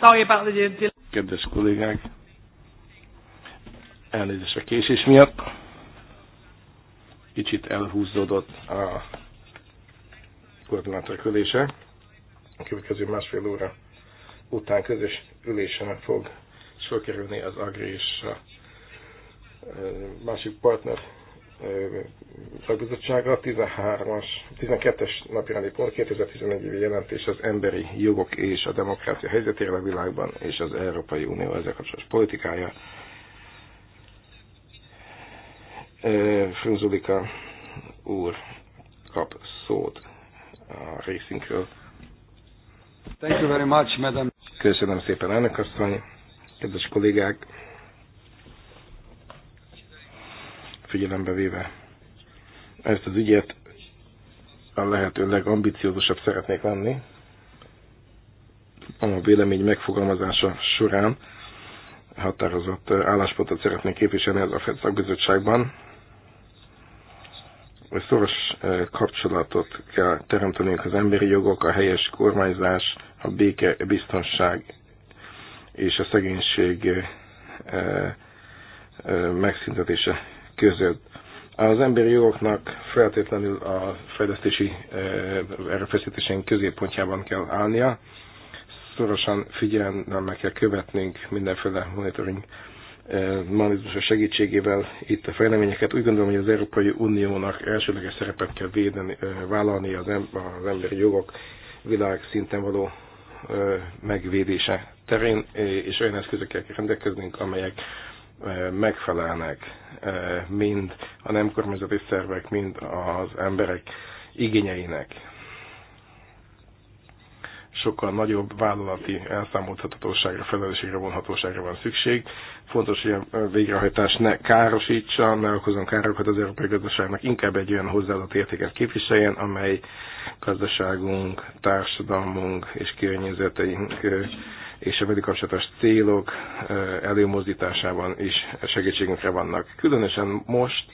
Sorry about the delay. Kedves kollégák, elnézést a késés miatt. Kicsit elhúzódott a koordinátor ülése. A következő másfél óra után közös ülésen fog sor kerülni az Agri és a másik partner szakbizottsága, 13-as, 12-es napirendi pont, 2011 évi jelentés az emberi jogok és a demokrácia helyzetére a világban és az Európai Unió ezzel kapcsolatos politikája. Frunzulika úr kap szót a részünkről. Thank you very much, madam. Köszönöm szépen, elnök asszony, kedves kollégák! figyelembe véve ezt az ügyet, a lehető legambiciózusabb szeretnék lenni a vélemény megfogalmazása során határozott álláspontot szeretnék képviselni az FED szakbizottságban. Szoros eh, kapcsolatot kell teremtenünk az emberi jogok, a helyes kormányzás, a béke, a biztonság és a szegénység eh, eh, megszüntetése között. Az emberi jogoknak feltétlenül a fejlesztési eh, erőfeszítéseink középpontjában kell állnia. Szorosan figyelemmel kell követnünk mindenféle monitoring eh, mechanizmusok segítségével itt a fejleményeket. Úgy gondolom, hogy az Európai Uniónak elsőleges szerepet kell védeni, eh, vállalni az, az emberi jogok világszinten való megvédése terén, és olyan eszközökkel kell rendelkeznünk, amelyek megfelelnek mind a nem kormányzati szervek, mind az emberek igényeinek. Sokkal nagyobb vállalati elszámolthatatóságra, felelősségre, vonhatóságra van szükség. Fontos, hogy a végrehajtás ne károsítsa, ne okozon károkat az európai gazdaságnak, inkább egy olyan hozzáadott értéket képviseljen, amely gazdaságunk, társadalmunk és környezeteink és a velük kapcsolatos célok előmozdításában is segítségünkre vannak. Különösen most,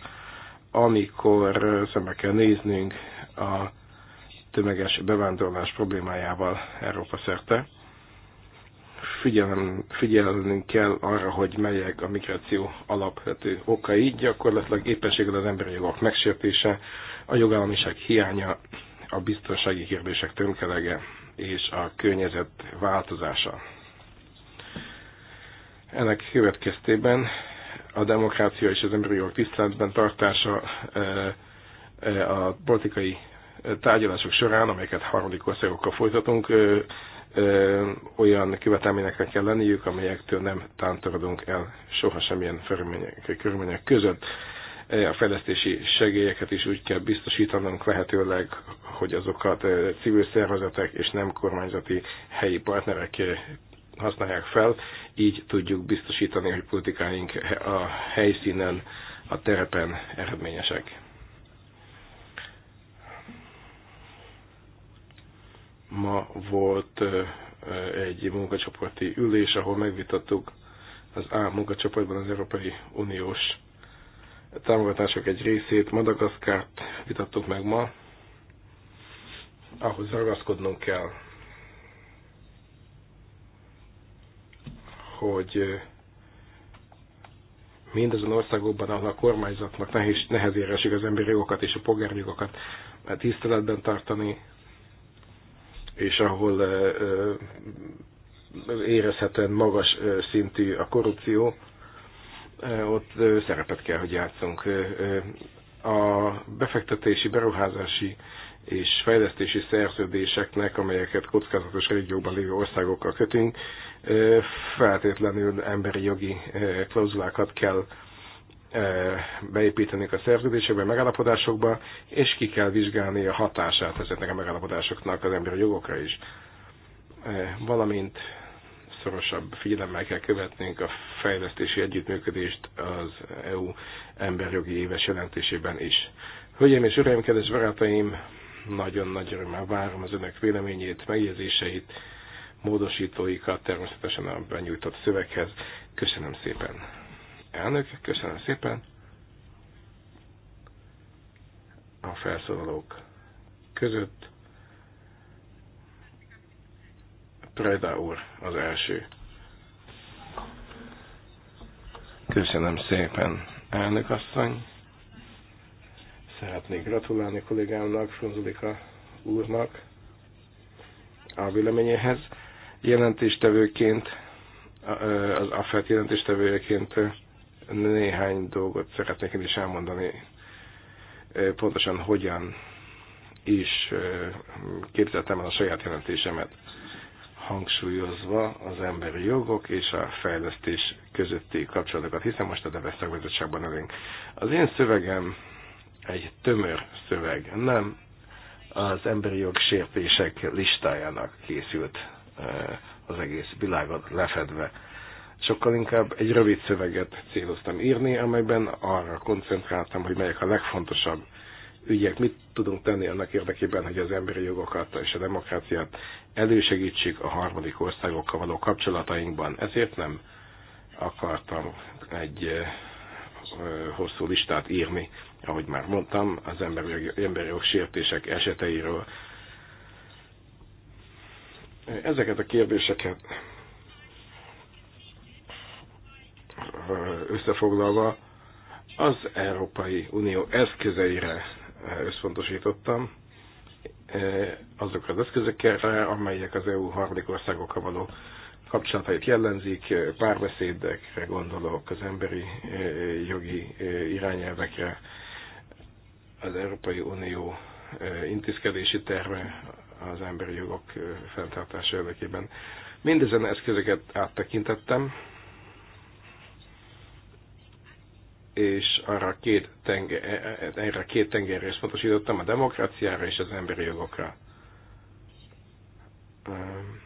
amikor szembe kell néznünk a tömeges bevándorlás problémájával Európa szerte. Figyelem, figyelnünk kell arra, hogy melyek a migráció alapvető okai, gyakorlatilag éppenséggel az emberi jogok megsértése, a jogállamiság hiánya, a biztonsági kérdések tömkelege és a környezet változása. Ennek következtében a demokrácia és az emberi jogok tiszteletben tartása a politikai tárgyalások során, amelyeket harmadik országokkal folytatunk, olyan követelményeknek kell lenniük, amelyektől nem tántorodunk el soha semmilyen körülmények között. A fejlesztési segélyeket is úgy kell biztosítanunk lehetőleg, hogy azokat civil szervezetek és nem kormányzati helyi partnerek használják fel, így tudjuk biztosítani, hogy politikáink a helyszínen, a terepen eredményesek. Ma volt egy munkacsoporti ülés, ahol megvitattuk az A munkacsoportban az Európai Uniós támogatások egy részét, Madagaszkárt vitattuk meg ma, ahhoz ragaszkodnunk kell, hogy mindazon országokban, ahol a kormányzatnak nehéz, nehezére esik az emberi jogokat és a polgári jogokat hát tiszteletben tartani, és ahol érezhetően magas szintű a korrupció, ott szerepet kell, hogy játszunk. A befektetési, beruházási és fejlesztési szerződéseknek, amelyeket kockázatos régióban lévő országokkal kötünk, feltétlenül emberi jogi klauzulákat kell beépítenünk a szerződésekbe, a megállapodásokba, és ki kell vizsgálni a hatását ezeknek a megállapodásoknak az emberi jogokra is. Valamint szorosabb figyelemmel kell követnünk a fejlesztési együttműködést az EU emberjogi éves jelentésében is. Hölgyeim és uraim, kedves barátaim, nagyon nagy örömmel várom az önök véleményét, megjegyzéseit, módosítóikat természetesen a benyújtott szöveghez. Köszönöm szépen. Elnök, köszönöm szépen. A felszólalók között Preda úr az első. Köszönöm szépen, elnök asszony. Szeretnék gratulálni kollégámnak, Fronzulika úrnak a véleményéhez. Jelentéstevőként, az AFET jelentéstevőjeként néhány dolgot szeretnék én is elmondani, pontosan hogyan is képzeltem el a saját jelentésemet, hangsúlyozva az emberi jogok és a fejlesztés közötti kapcsolatokat, hiszen most a devesztek bizottságban Az én szövegem egy tömör szöveg, nem az emberi jog sértések listájának készült eh, az egész világot lefedve. Sokkal inkább egy rövid szöveget céloztam írni, amelyben arra koncentráltam, hogy melyek a legfontosabb ügyek, mit tudunk tenni annak érdekében, hogy az emberi jogokat és a demokráciát elősegítsük a harmadik országokkal való kapcsolatainkban. Ezért nem akartam egy eh, hosszú listát írni, ahogy már mondtam, az emberi, emberi jogsértések eseteiről. Ezeket a kérdéseket összefoglalva az Európai Unió eszközeire összpontosítottam, azokra az eszközökkel, amelyek az EU harmadik országokkal való kapcsolatait jellemzik, párbeszédekre gondolok, az emberi eh, jogi eh, irányelvekre, az Európai Unió eh, intézkedési terve az emberi jogok fenntartása érdekében. Mindezen eszközöket áttekintettem, és arra két, tenger, e-, e-, erre két tengerre pontosítottam, a demokráciára és az emberi jogokra. Um,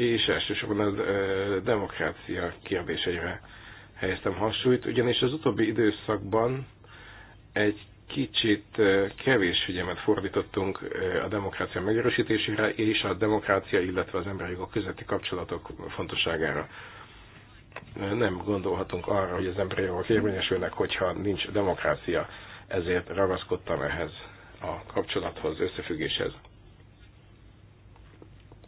és elsősorban a e, demokrácia kérdéseire helyeztem hangsúlyt, ugyanis az utóbbi időszakban egy kicsit e, kevés figyelmet fordítottunk e, a demokrácia megerősítésére és a demokrácia, illetve az emberi jogok közötti kapcsolatok fontosságára. Nem gondolhatunk arra, hogy az emberi jogok érvényesülnek, hogyha nincs demokrácia, ezért ragaszkodtam ehhez a kapcsolathoz, összefüggéshez.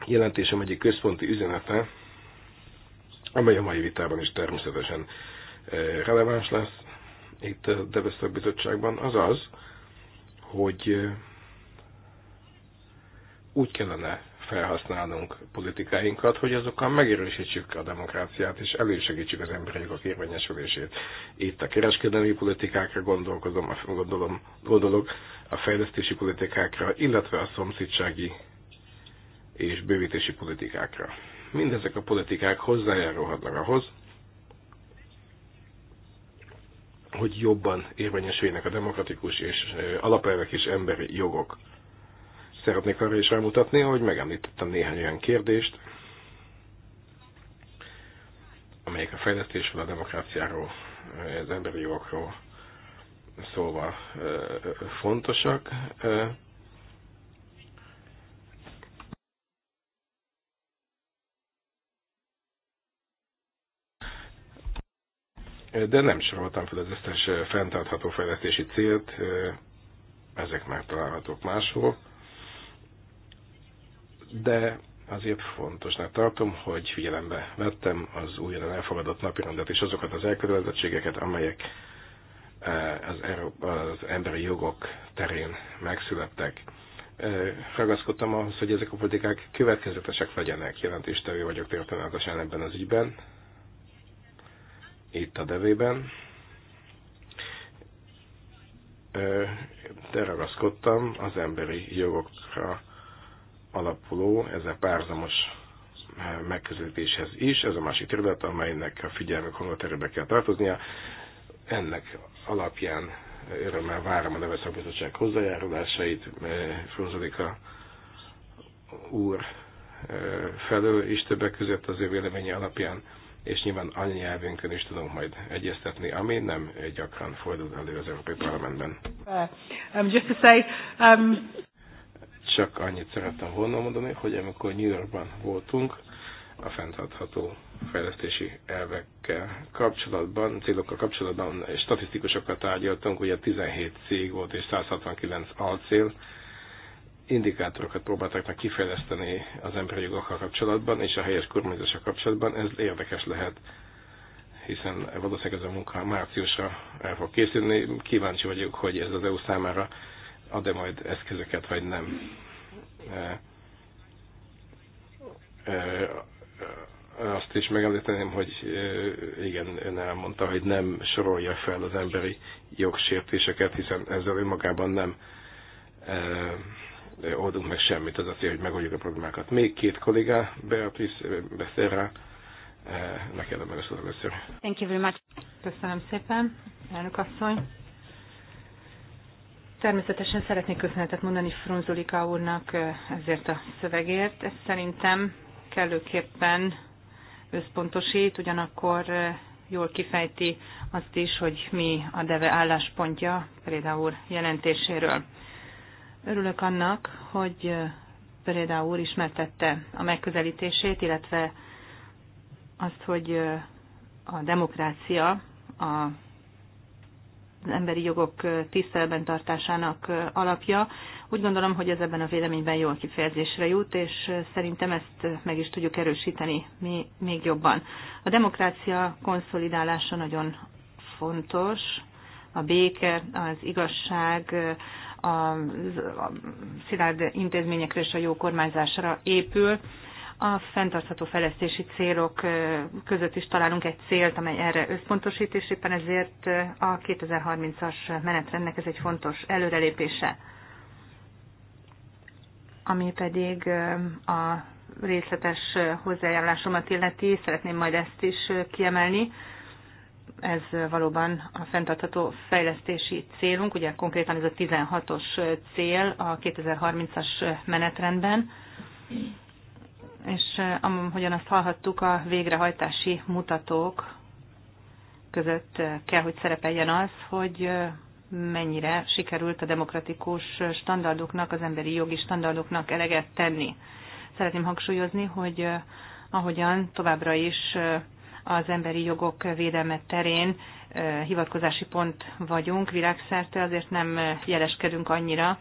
Jelentésem egyik központi üzenete, amely a mai vitában is természetesen eh, releváns lesz itt a Devesztok Bizottságban, az az, hogy eh, úgy kellene felhasználnunk politikáinkat, hogy azokkal megerősítsük a demokráciát, és elősegítsük az emberek jogok érvényesülését. Itt a kereskedelmi politikákra gondolkozom, gondolom, gondolok, a fejlesztési politikákra, illetve a szomszédsági és bővítési politikákra. Mindezek a politikák hozzájárulhatnak ahhoz, hogy jobban érvényesüljenek a demokratikus és alapelvek és emberi jogok. Szeretnék arra is rámutatni, hogy megemlítettem néhány olyan kérdést, amelyek a fejlesztésről, a demokráciáról, az emberi jogokról szóval fontosak. de nem soroltam fel az összes fenntartható fejlesztési célt, ezek megtalálhatók máshol, de azért fontosnak tartom, hogy figyelembe vettem az újra elfogadott napirendet és azokat az elkötelezettségeket, amelyek az, az emberi jogok terén megszülettek. Ragaszkodtam ahhoz, hogy ezek a politikák következetesek legyenek, jelentéstevő vagyok történetesen ebben az ügyben, itt a devében. De ragaszkodtam az emberi jogokra alapuló, ez a párzamos megközelítéshez is. Ez a másik terület, amelynek a figyelmük hangoterőbe kell tartoznia. Ennek alapján örömmel várom a neveszakbizottság hozzájárulásait. Frózolika úr felől is többek között az ő véleménye alapján és nyilván anyanyelvünkön is tudunk majd egyeztetni, ami nem gyakran fordul elő az Európai Parlamentben. Um, just to say, um... Csak annyit szerettem volna mondani, hogy amikor New Yorkban voltunk, a fenntartható fejlesztési elvekkel kapcsolatban, célokkal kapcsolatban statisztikusokkal tárgyaltunk, ugye 17 cég volt és 169 alcél, indikátorokat próbáltak meg kifejleszteni az emberi jogokkal kapcsolatban és a helyes kormányzással kapcsolatban. Ez érdekes lehet, hiszen valószínűleg ez a munka márciusra el fog készülni. Kíváncsi vagyok, hogy ez az EU számára ad-e majd eszközöket, vagy nem. E, e, e, azt is megemlíteném, hogy igen, ön elmondta, hogy nem sorolja fel az emberi jogsértéseket, hiszen ezzel önmagában nem oldunk meg semmit, az a cél, hogy megoldjuk a problémákat. Még két kollégá, Beatrice rá, neked a megosztó először. Thank you very much. Köszönöm szépen, elnök asszony. Természetesen szeretnék köszönetet mondani Frunzulika úrnak ezért a szövegért. Ez szerintem kellőképpen összpontosít, ugyanakkor jól kifejti azt is, hogy mi a deve álláspontja Préda úr jelentéséről. Örülök annak, hogy Pereda úr ismertette a megközelítését, illetve azt, hogy a demokrácia, a az emberi jogok tiszteletben tartásának alapja. Úgy gondolom, hogy ez ebben a véleményben jól kifejezésre jut, és szerintem ezt meg is tudjuk erősíteni mi még jobban. A demokrácia konszolidálása nagyon fontos, a béke, az igazság, a szilárd intézményekre és a jó kormányzásra épül. A fenntartható fejlesztési célok között is találunk egy célt, amely erre összpontosít, és éppen ezért a 2030-as menetrendnek ez egy fontos előrelépése, ami pedig a részletes hozzájárulásomat illeti, szeretném majd ezt is kiemelni ez valóban a fenntartható fejlesztési célunk, ugye konkrétan ez a 16-os cél a 2030-as menetrendben, és eh, ahogyan azt hallhattuk, a végrehajtási mutatók között eh, kell, hogy szerepeljen az, hogy eh, mennyire sikerült a demokratikus standardoknak, az emberi jogi standardoknak eleget tenni. Szeretném hangsúlyozni, hogy ahogyan továbbra is az emberi jogok védelme terén hivatkozási pont vagyunk világszerte, azért nem jeleskedünk annyira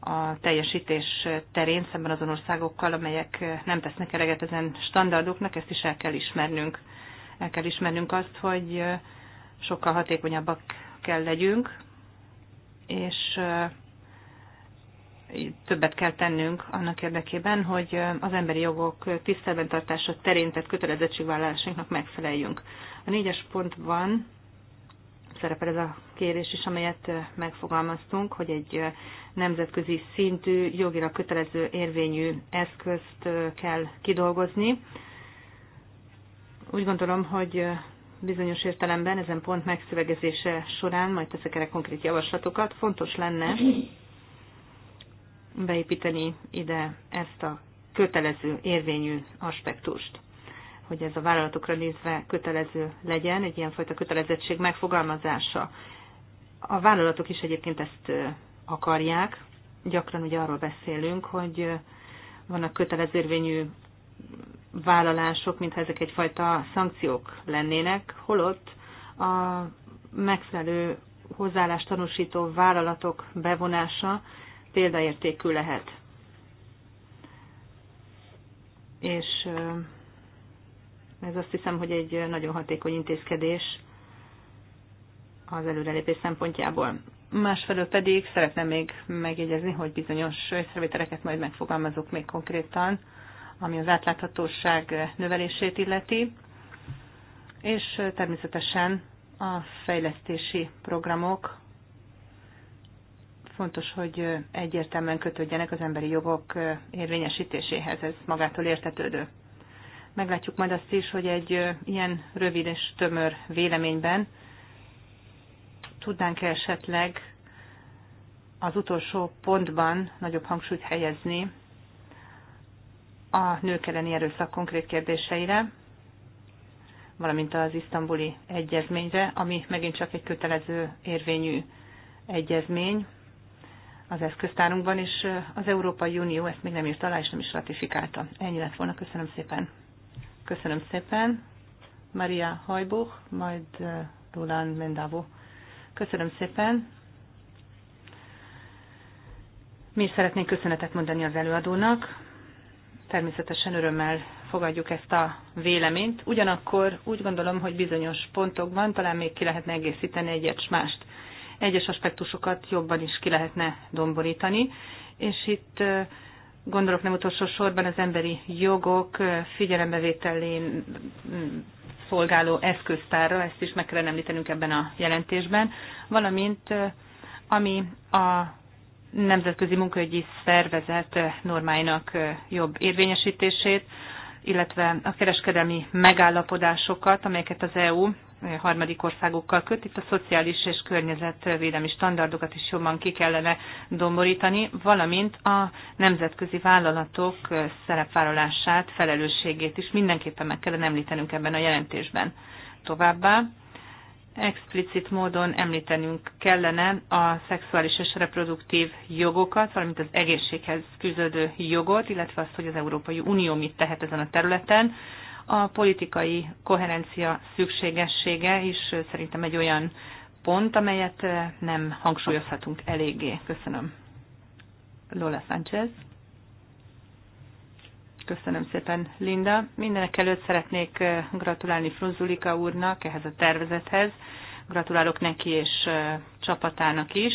a teljesítés terén szemben azon országokkal, amelyek nem tesznek eleget ezen standardoknak, ezt is el kell ismernünk. El kell ismernünk azt, hogy sokkal hatékonyabbak kell legyünk, és többet kell tennünk annak érdekében, hogy az emberi jogok tiszteletben tartása terén tehát kötelezettségvállalásainknak megfeleljünk. A négyes pontban szerepel ez a kérés is, amelyet megfogalmaztunk, hogy egy nemzetközi szintű, jogira kötelező érvényű eszközt kell kidolgozni. Úgy gondolom, hogy bizonyos értelemben ezen pont megszövegezése során, majd teszek erre konkrét javaslatokat, fontos lenne, beépíteni ide ezt a kötelező érvényű aspektust hogy ez a vállalatokra nézve kötelező legyen, egy ilyenfajta kötelezettség megfogalmazása. A vállalatok is egyébként ezt akarják. Gyakran ugye arról beszélünk, hogy vannak kötelezérvényű vállalások, mintha ezek egyfajta szankciók lennének, holott a megfelelő hozzáállást tanúsító vállalatok bevonása példaértékű lehet. És ez azt hiszem, hogy egy nagyon hatékony intézkedés az előrelépés szempontjából. Másfelől pedig szeretném még megjegyezni, hogy bizonyos észrevételeket majd megfogalmazok még konkrétan, ami az átláthatóság növelését illeti, és természetesen a fejlesztési programok fontos, hogy egyértelműen kötődjenek az emberi jogok érvényesítéséhez. Ez magától értetődő. Meglátjuk majd azt is, hogy egy ilyen rövid és tömör véleményben tudnánk -e esetleg az utolsó pontban nagyobb hangsúlyt helyezni a nők elleni erőszak konkrét kérdéseire, valamint az isztambuli egyezményre, ami megint csak egy kötelező érvényű egyezmény, az eszköztárunkban, és az Európai Unió ezt még nem írt alá, és nem is ratifikálta. Ennyi lett volna, köszönöm szépen. Köszönöm szépen. Maria Hajbuch, majd Roland Mendavo. Köszönöm szépen. Mi is szeretnénk köszönetet mondani az előadónak. Természetesen örömmel fogadjuk ezt a véleményt. Ugyanakkor úgy gondolom, hogy bizonyos pontokban talán még ki lehetne egészíteni egyet mást egyes aspektusokat jobban is ki lehetne domborítani, és itt gondolok nem utolsó sorban az emberi jogok figyelembevételén mm, szolgáló eszköztárra, ezt is meg kellene említenünk ebben a jelentésben, valamint ami a nemzetközi munkaügyi szervezet normáinak jobb érvényesítését, illetve a kereskedelmi megállapodásokat, amelyeket az EU harmadik országokkal köt. Itt a szociális és környezetvédelmi standardokat is jobban ki kellene domborítani, valamint a nemzetközi vállalatok szerepvállalását, felelősségét is mindenképpen meg kellene említenünk ebben a jelentésben. Továbbá explicit módon említenünk kellene a szexuális és reproduktív jogokat, valamint az egészséghez küzdő jogot, illetve azt, hogy az Európai Unió mit tehet ezen a területen a politikai koherencia szükségessége is szerintem egy olyan pont, amelyet eh, nem hangsúlyozhatunk eléggé. Köszönöm. Lola Sánchez. Köszönöm szépen, Linda. Mindenek előtt szeretnék eh, gratulálni Frunzulika úrnak ehhez a tervezethez. Gratulálok neki és eh, csapatának is.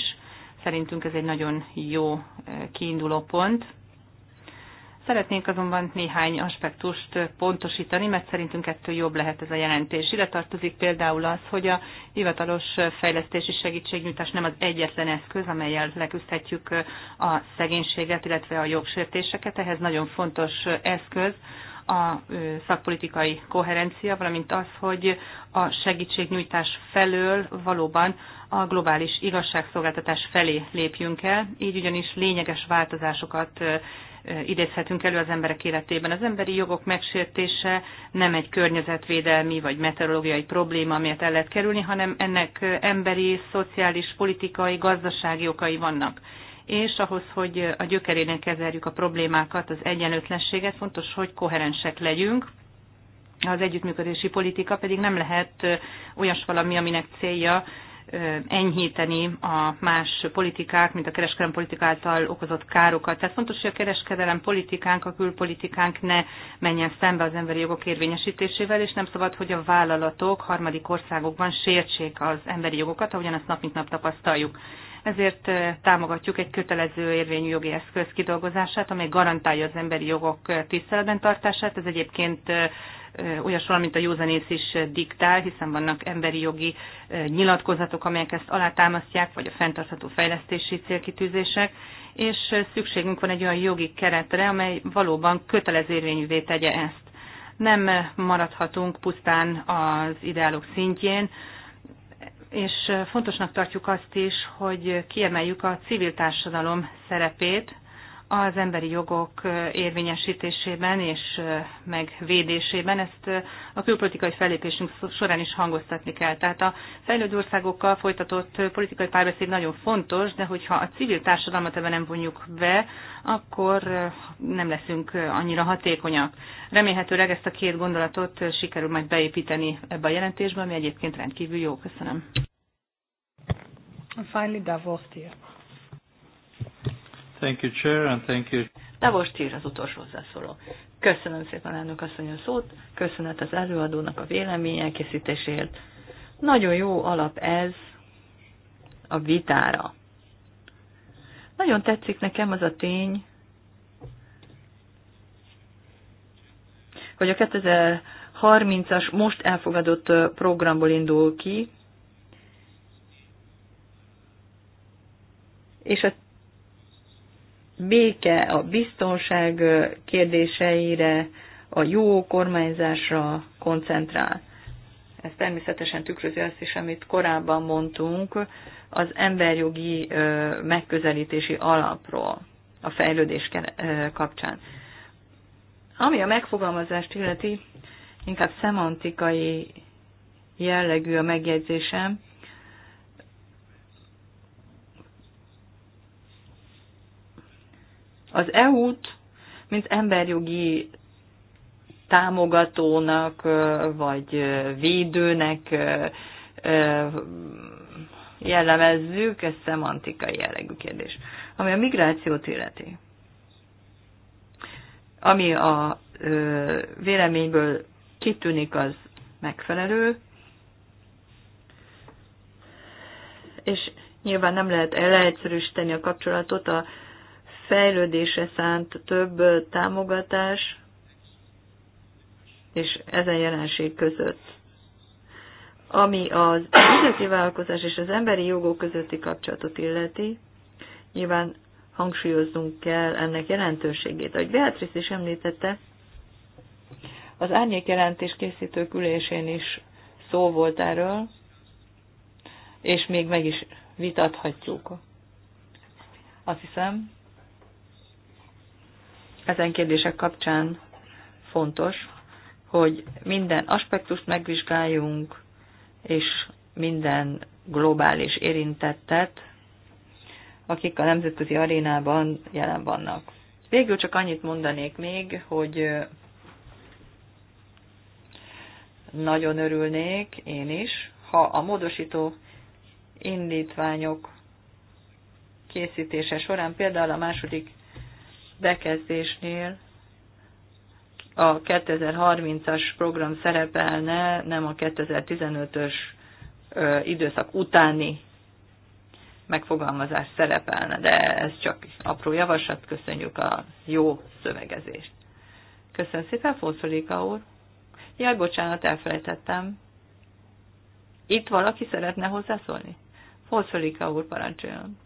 Szerintünk ez egy nagyon jó kiinduló pont. Szeretnénk azonban néhány aspektust pontosítani, mert szerintünk ettől jobb lehet ez a jelentés. Ide tartozik például az, hogy a hivatalos fejlesztési segítségnyújtás nem az egyetlen eszköz, amelyel leküzdhetjük a szegénységet, illetve a jogsértéseket. Ehhez nagyon fontos eszköz a szakpolitikai koherencia, valamint az, hogy a segítségnyújtás felől valóban a globális igazságszolgáltatás felé lépjünk el, így ugyanis lényeges változásokat idézhetünk elő az emberek életében. Az emberi jogok megsértése nem egy környezetvédelmi vagy meteorológiai probléma, amelyet el lehet kerülni, hanem ennek emberi, szociális, politikai, gazdasági okai vannak és ahhoz, hogy a gyökerénél kezeljük a problémákat, az egyenlőtlenséget, fontos, hogy koherensek legyünk. Az együttműködési politika pedig nem lehet olyas valami, aminek célja enyhíteni a más politikák, mint a kereskedelem politika által okozott károkat. Tehát fontos, hogy a kereskedelem politikánk, a külpolitikánk ne menjen szembe az emberi jogok érvényesítésével, és nem szabad, hogy a vállalatok harmadik országokban sértsék az emberi jogokat, ahogyan ezt nap mint nap tapasztaljuk. Ezért támogatjuk egy kötelező érvényű jogi eszköz kidolgozását, amely garantálja az emberi jogok tiszteletben tartását. Ez egyébként olyasról, mint a józanész is diktál, hiszen vannak emberi jogi nyilatkozatok, amelyek ezt alátámasztják, vagy a fenntartható fejlesztési célkitűzések, és szükségünk van egy olyan jogi keretre, amely valóban kötelezérvényűvé tegye ezt. Nem maradhatunk pusztán az ideálok szintjén, és fontosnak tartjuk azt is, hogy kiemeljük a civil társadalom szerepét, az emberi jogok érvényesítésében és megvédésében. Ezt a külpolitikai fellépésünk során is hangoztatni kell. Tehát a fejlődő országokkal folytatott politikai párbeszéd nagyon fontos, de hogyha a civil társadalmat ebben nem vonjuk be, akkor nem leszünk annyira hatékonyak. Remélhetőleg ezt a két gondolatot sikerül majd beépíteni ebbe a jelentésbe, ami egyébként rendkívül jó. Köszönöm. And finally, Davos, here. Thank you, Chair, and thank you. Davos Csír az utolsó hozzászóló. Köszönöm szépen elnök asszony a szót, köszönet az előadónak a vélemény elkészítéséért. Nagyon jó alap ez a vitára. Nagyon tetszik nekem az a tény, hogy a 2030-as most elfogadott programból indul ki, és a béke, a biztonság kérdéseire, a jó kormányzásra koncentrál. Ez természetesen tükrözi azt is, amit korábban mondtunk az emberjogi megközelítési alapról a fejlődés kapcsán. Ami a megfogalmazást illeti, inkább szemantikai jellegű a megjegyzésem, Az EU-t, mint emberjogi támogatónak vagy védőnek jellemezzük, ez szemantikai jellegű kérdés. Ami a migrációt illeti, ami a véleményből kitűnik, az megfelelő, és nyilván nem lehet leegyszerűsíteni a kapcsolatot a fejlődése szánt több támogatás és ezen jelenség között. Ami az üzleti vállalkozás és az emberi jogok közötti kapcsolatot illeti, nyilván hangsúlyoznunk kell ennek jelentőségét. Ahogy Beatrice is említette, az árnyék jelentés készítők ülésén is szó volt erről, és még meg is vitathatjuk. Azt hiszem, ezen kérdések kapcsán fontos, hogy minden aspektust megvizsgáljunk, és minden globális érintettet, akik a nemzetközi arénában jelen vannak. Végül csak annyit mondanék még, hogy nagyon örülnék én is, ha a módosító indítványok készítése során például a második bekezdésnél a 2030-as program szerepelne, nem a 2015-ös időszak utáni megfogalmazás szerepelne, de ez csak apró javaslat, köszönjük a jó szövegezést. Köszönöm szépen, Fonszolika úr. Jaj, bocsánat, elfelejtettem. Itt valaki szeretne hozzászólni? Fonszolika úr, parancsoljon.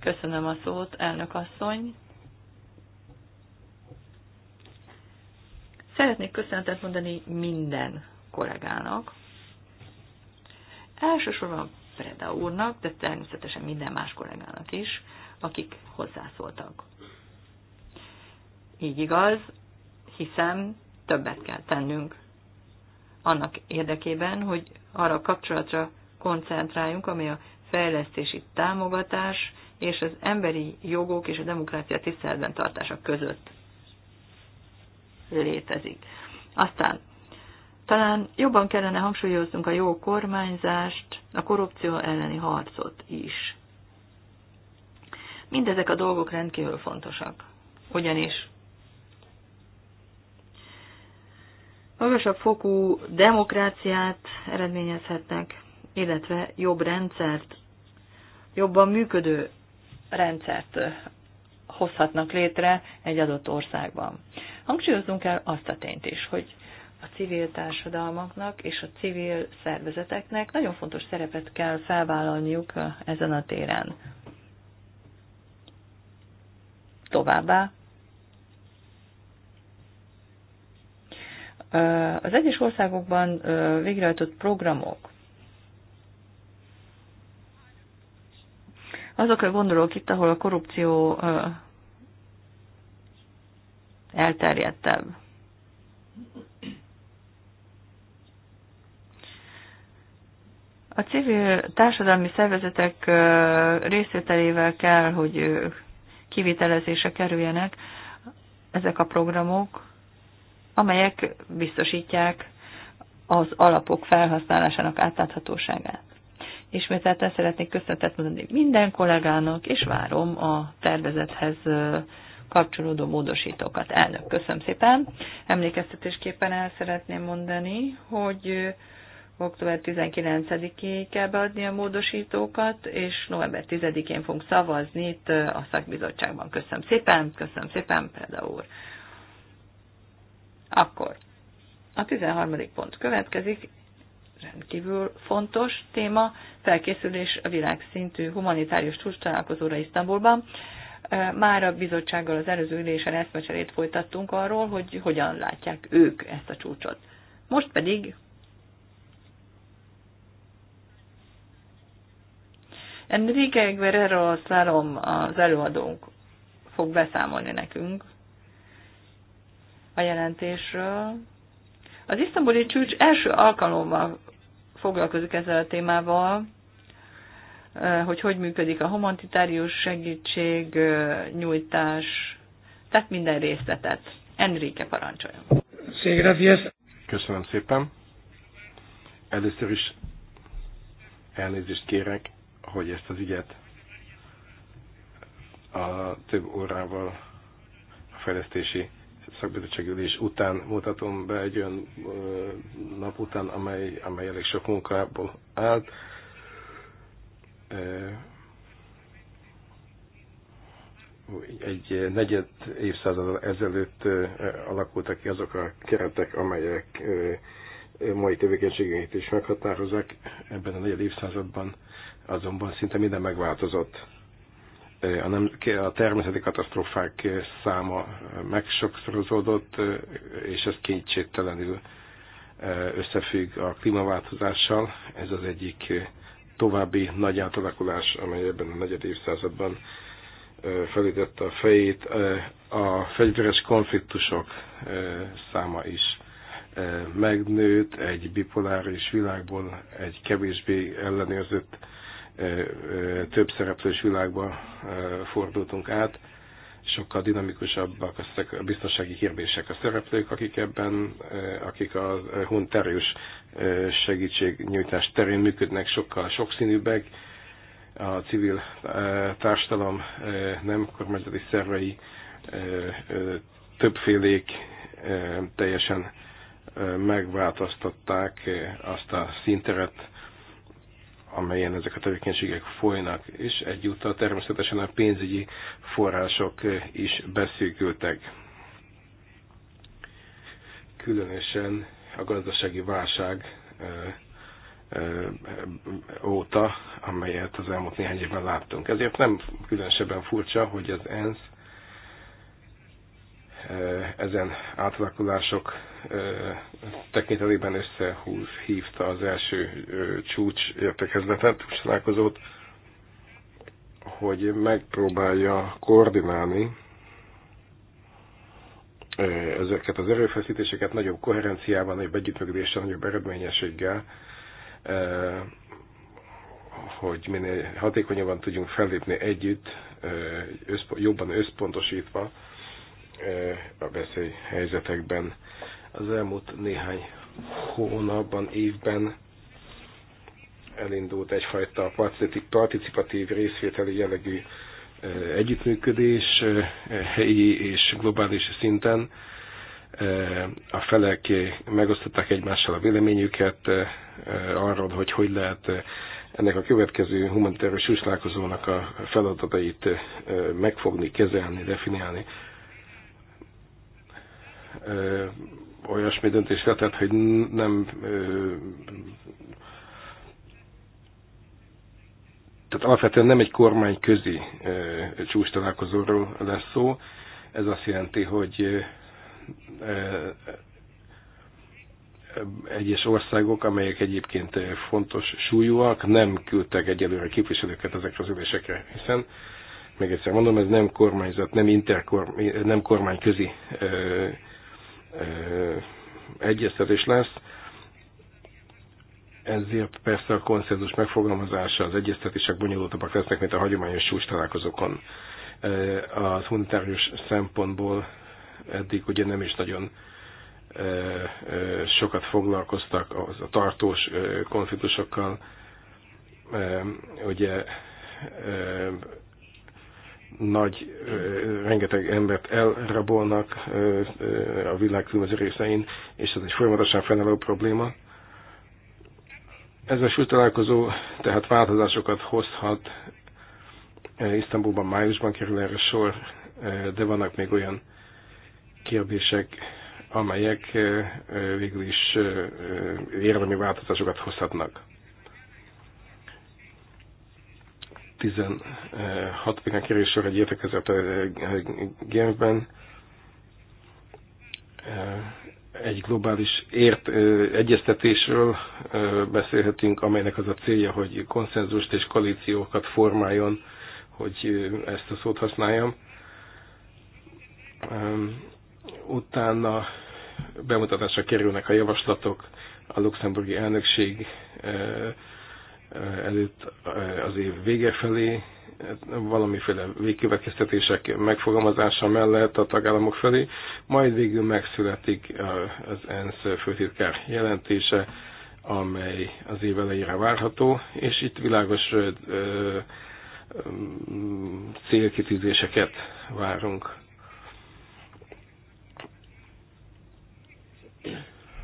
Köszönöm a szót, elnök asszony. Szeretnék köszönetet mondani minden kollégának. Elsősorban Preda úrnak, de természetesen minden más kollégának is, akik hozzászóltak. Így igaz, hiszem többet kell tennünk annak érdekében, hogy arra a kapcsolatra koncentráljunk, ami a fejlesztési támogatás és az emberi jogok és a demokrácia tiszteletben tartása között létezik. Aztán talán jobban kellene hangsúlyoznunk a jó kormányzást, a korrupció elleni harcot is. Mindezek a dolgok rendkívül fontosak. Ugyanis magasabb fokú demokráciát eredményezhetnek, illetve jobb rendszert, jobban működő rendszert hozhatnak létre egy adott országban. Hangsúlyozunk el azt a tényt is, hogy a civil társadalmaknak és a civil szervezeteknek nagyon fontos szerepet kell felvállalniuk ezen a téren. Továbbá az egyes országokban végrehajtott programok Azokra gondolok itt, ahol a korrupció elterjedtebb. A civil társadalmi szervezetek részvételével kell, hogy kivitelezése kerüljenek ezek a programok, amelyek biztosítják az alapok felhasználásának átláthatóságát. Ismételten szeretnék köszöntet mondani minden kollégának, és várom a tervezethez kapcsolódó módosítókat. Elnök, köszönöm szépen. Emlékeztetésképpen el szeretném mondani, hogy október 19-ig kell beadni a módosítókat, és november 10-én fogunk szavazni itt a szakbizottságban. Köszönöm szépen, köszönöm szépen, Preda úr. Akkor a 13. pont következik, rendkívül fontos téma, felkészülés a világszintű humanitárius csúcs találkozóra Isztambulban. Már a bizottsággal az előző ülésen eszmecserét folytattunk arról, hogy hogyan látják ők ezt a csúcsot. Most pedig Enrique Guerrero Szalom az előadónk fog beszámolni nekünk a jelentésről. Az isztambuli csúcs első alkalommal foglalkozik ezzel a témával, hogy hogy működik a humanitárius segítség, nyújtás, tehát minden részletet. Enrique parancsolja. Köszönöm szépen. Először is elnézést kérek, hogy ezt az ügyet a több órával a fejlesztési szakbizottsági ülés után mutatom be egy olyan nap után, amely, amely elég sok munkából állt. Egy negyed évszázad ezelőtt alakultak ki azok a keretek, amelyek mai tevékenységét is meghatározzák. Ebben a negyed évszázadban azonban szinte minden megváltozott a, nem, a természeti katasztrófák száma megsokszorozódott, és ez kétségtelenül e, összefügg a klímaváltozással. Ez az egyik további nagy átalakulás, amely ebben a negyed évszázadban e, felütette a fejét. E, a fegyveres konfliktusok száma is megnőtt, egy bipoláris világból egy kevésbé ellenőrzött több szereplős világba fordultunk át, sokkal dinamikusabbak a biztonsági kérdések a szereplők, akik ebben, akik a honterős segítségnyújtás terén működnek, sokkal sokszínűbbek, a civil társadalom nem kormányzati szervei többfélék teljesen megváltoztatták azt a színteret, amelyen ezek a tevékenységek folynak, és egyúttal természetesen a pénzügyi források is beszűkültek. Különösen a gazdasági válság óta, amelyet az elmúlt néhány évben láttunk. Ezért nem különösebben furcsa, hogy az ENSZ ezen átalakulások tekintetében összehúz, hívta az első csúcs értekezletet, csinálkozót, hogy megpróbálja koordinálni ezeket az erőfeszítéseket nagyobb koherenciában, nagyobb együttműködéssel, nagyobb eredményességgel, hogy minél hatékonyabban tudjunk fellépni együtt, jobban összpontosítva E, a veszélyhelyzetekben. Az elmúlt néhány hónapban, évben elindult egyfajta participatív részvételi jellegű e, együttműködés e, helyi és globális szinten. A felek megosztották egymással a véleményüket arról, hogy hogy lehet ennek a következő humanitárius csúcslálkozónak a feladatait megfogni, kezelni, definiálni olyasmi döntés született, hogy nem tehát alapvetően nem egy kormány közi csúcs találkozóról lesz szó. Ez azt jelenti, hogy egyes országok, amelyek egyébként fontos súlyúak, nem küldtek egyelőre képviselőket ezekre az ülésekre, hiszen még egyszer mondom, ez nem kormányzat, nem, interkorm, nem kormányközi egyeztetés lesz, ezért persze a konszenzus megfogalmazása, az egyeztetések bonyolultabbak lesznek, mint a hagyományos csúcs találkozókon. Az humanitárius szempontból eddig ugye nem is nagyon sokat foglalkoztak az a tartós konfliktusokkal. Ugye nagy, rengeteg embert elrabolnak a világ különböző részein, és ez egy folyamatosan fennálló probléma. Ez a találkozó tehát változásokat hozhat. Isztambulban májusban kerül erre sor, de vannak még olyan kérdések, amelyek végül is érdemi változásokat hozhatnak. 16-án kerül sor egy értekezett Genfben egy globális ért, egyeztetésről beszélhetünk, amelynek az a célja, hogy konszenzust és koalíciókat formáljon, hogy ezt a szót használjam. Utána bemutatásra kerülnek a javaslatok, a luxemburgi elnökség előtt eh, az év vége felé valamiféle végkövetkeztetések megfogalmazása mellett a tagállamok felé, majd végül megszületik eh, az ENSZ főtitkár jelentése, amely az év elejére várható, és itt világos eh, célkitűzéseket várunk.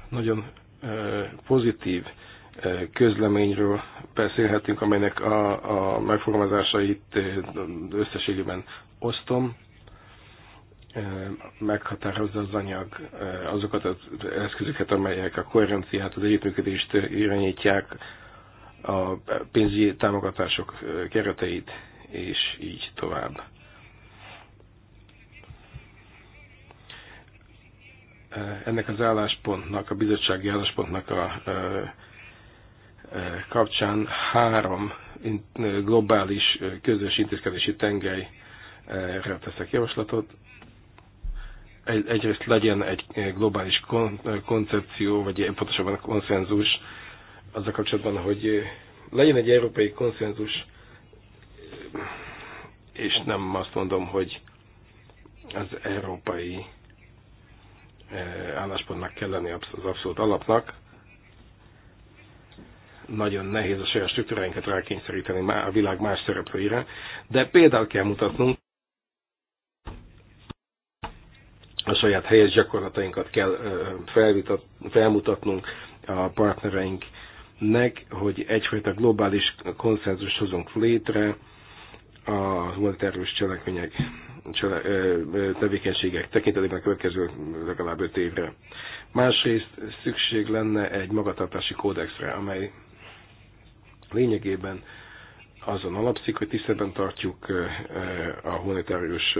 Nagyon pozitív közleményről beszélhetünk, amelynek a, a megfogalmazásait eh, összességében osztom. Eh, meghatározza az anyag eh, azokat az eszközöket, amelyek a koherenciát, az együttműködést irányítják, a pénzügyi támogatások kereteit, és így tovább. Ennek az álláspontnak, a bizottsági álláspontnak a, a kapcsán három globális közös intézkedési tengelyre teszek javaslatot. Egyrészt legyen egy globális koncepció, vagy pontosabban konszenzus azzal kapcsolatban, hogy legyen egy európai konszenzus, és nem azt mondom, hogy az európai álláspontnak kell lenni az abszolút alapnak, nagyon nehéz a saját struktúráinkat rákényszeríteni a világ más szereplőire, de például kell mutatnunk, a saját helyes gyakorlatainkat kell felvitat, felmutatnunk a partnereinknek, hogy egyfajta globális konszenzus hozunk létre a volt erős cselekmények, tevékenységek tekintetében a következő legalább öt évre. Másrészt szükség lenne egy magatartási kódexre, amely lényegében azon alapszik, hogy tiszteletben tartjuk a humanitárius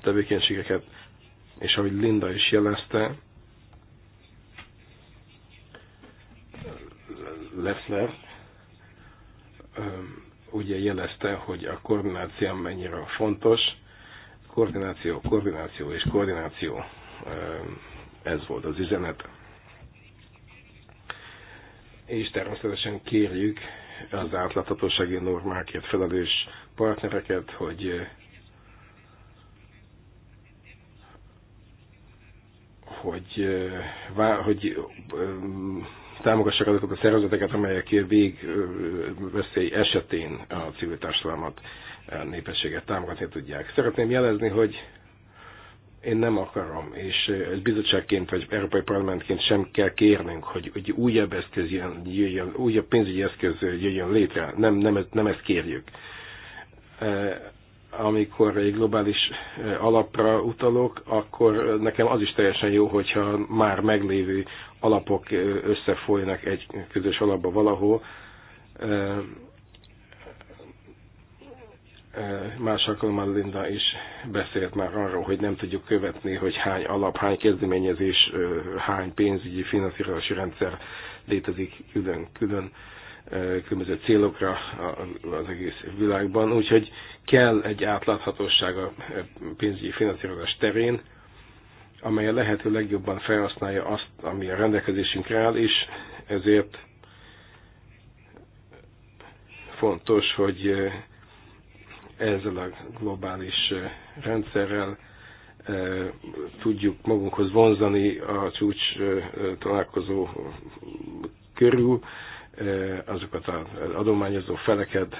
tevékenységeket, és ahogy Linda is jelezte, Leffler ugye jelezte, hogy a koordináció mennyire fontos. Koordináció, koordináció és koordináció. Ez volt az üzenet és természetesen kérjük az átláthatósági normákért felelős partnereket, hogy hogy, hogy támogassák azokat a szervezeteket, amelyek végveszély esetén a civil társadalmat, a népességet támogatni tudják. Szeretném jelezni, hogy én nem akarom, és egy bizottságként vagy Európai Parlamentként sem kell kérnünk, hogy, hogy újabb eszköz jön, jöjjön, újabb pénzügyi eszköz jöjjön létre. Nem, nem, nem ezt kérjük. Amikor egy globális alapra utalok, akkor nekem az is teljesen jó, hogyha már meglévő alapok összefolynak egy közös alapba valahol, Más alkalommal Linda is beszélt már arról, hogy nem tudjuk követni, hogy hány alap, hány kezdeményezés, hány pénzügyi finanszírozási rendszer létezik külön-külön különböző célokra az egész világban. Úgyhogy kell egy átláthatóság a pénzügyi finanszírozás terén, amely a lehető legjobban felhasználja azt, ami a rendelkezésünkre áll, és ezért fontos, hogy ezzel a globális rendszerrel tudjuk magunkhoz vonzani a csúcs találkozó körül azokat az adományozó feleket,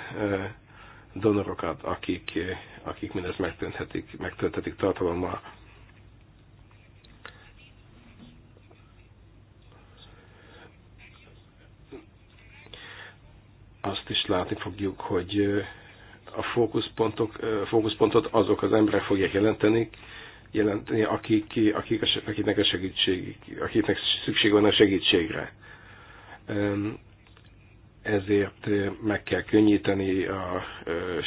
donorokat, akik, akik mindezt megtönthetik, megtönthetik tartalommal. Azt is látni fogjuk, hogy a fókuszpontok, fókuszpontot azok az emberek fogják jelenteni, jelenteni akik, akik, akiknek, a segítség, akiknek szükség van a segítségre. Ezért meg kell könnyíteni a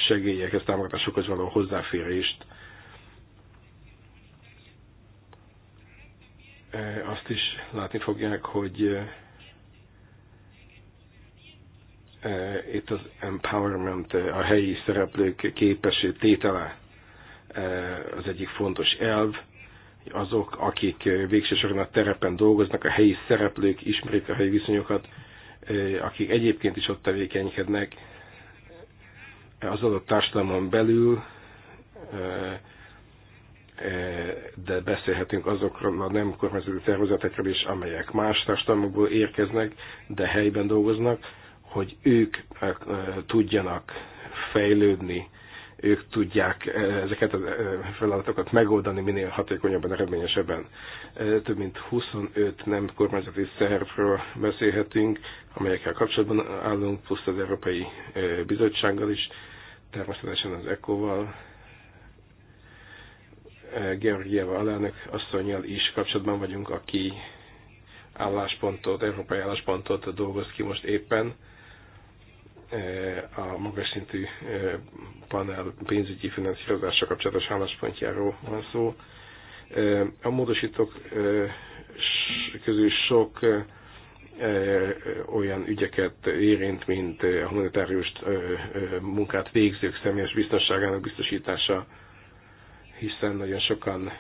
segélyekhez, támogatásokhoz való hozzáférést. Azt is látni fogják, hogy Eh, itt az empowerment, eh, a helyi szereplők képesé tétele eh, az egyik fontos elv, azok, akik végsősorban a terepen dolgoznak, a helyi szereplők ismerik a helyi viszonyokat, akik egyébként is ott tevékenykednek az adott társadalmon belül, de beszélhetünk azokról a nem kormányzati szervezetekről is, amelyek más társadalmakból érkeznek, de helyben dolgoznak hogy ők tudjanak fejlődni, ők tudják ezeket a feladatokat megoldani minél hatékonyabban, eredményesebben. Több mint 25 nem kormányzati szervről beszélhetünk, amelyekkel kapcsolatban állunk, plusz az Európai Bizottsággal is, természetesen az ECO-val, Georgieva alelnök asszonyjal is kapcsolatban vagyunk, aki álláspontot, európai álláspontot dolgoz ki most éppen Eh, a magas szintű eh, panel pénzügyi finanszírozással kapcsolatos álláspontjáról van szó. Eh, a módosítók közül sok olyan ügyeket érint, mint a humanitárius munkát végzők személyes biztonságának biztosítása, hiszen nagyon sokan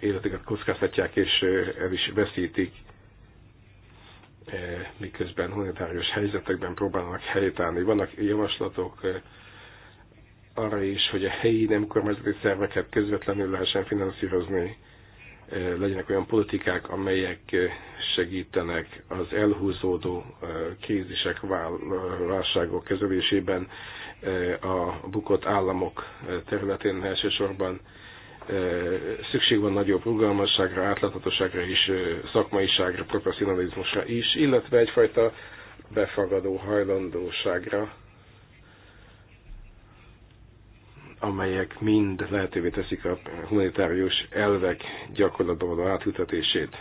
életüket kockáztatják és el is veszítik Eh, miközben humanitárius helyzetekben próbálnak helytállni. Vannak javaslatok eh, arra is, hogy a helyi nem kormányzati szerveket közvetlenül lehessen finanszírozni, eh, legyenek olyan politikák, amelyek segítenek az elhúzódó krízisek, válságok kezelésében a bukott államok területén elsősorban szükség van nagyobb rugalmasságra, átláthatóságra is, szakmaiságra, professzionalizmusra is, illetve egyfajta befagadó hajlandóságra, amelyek mind lehetővé teszik a humanitárius elvek gyakorlatban való átültetését.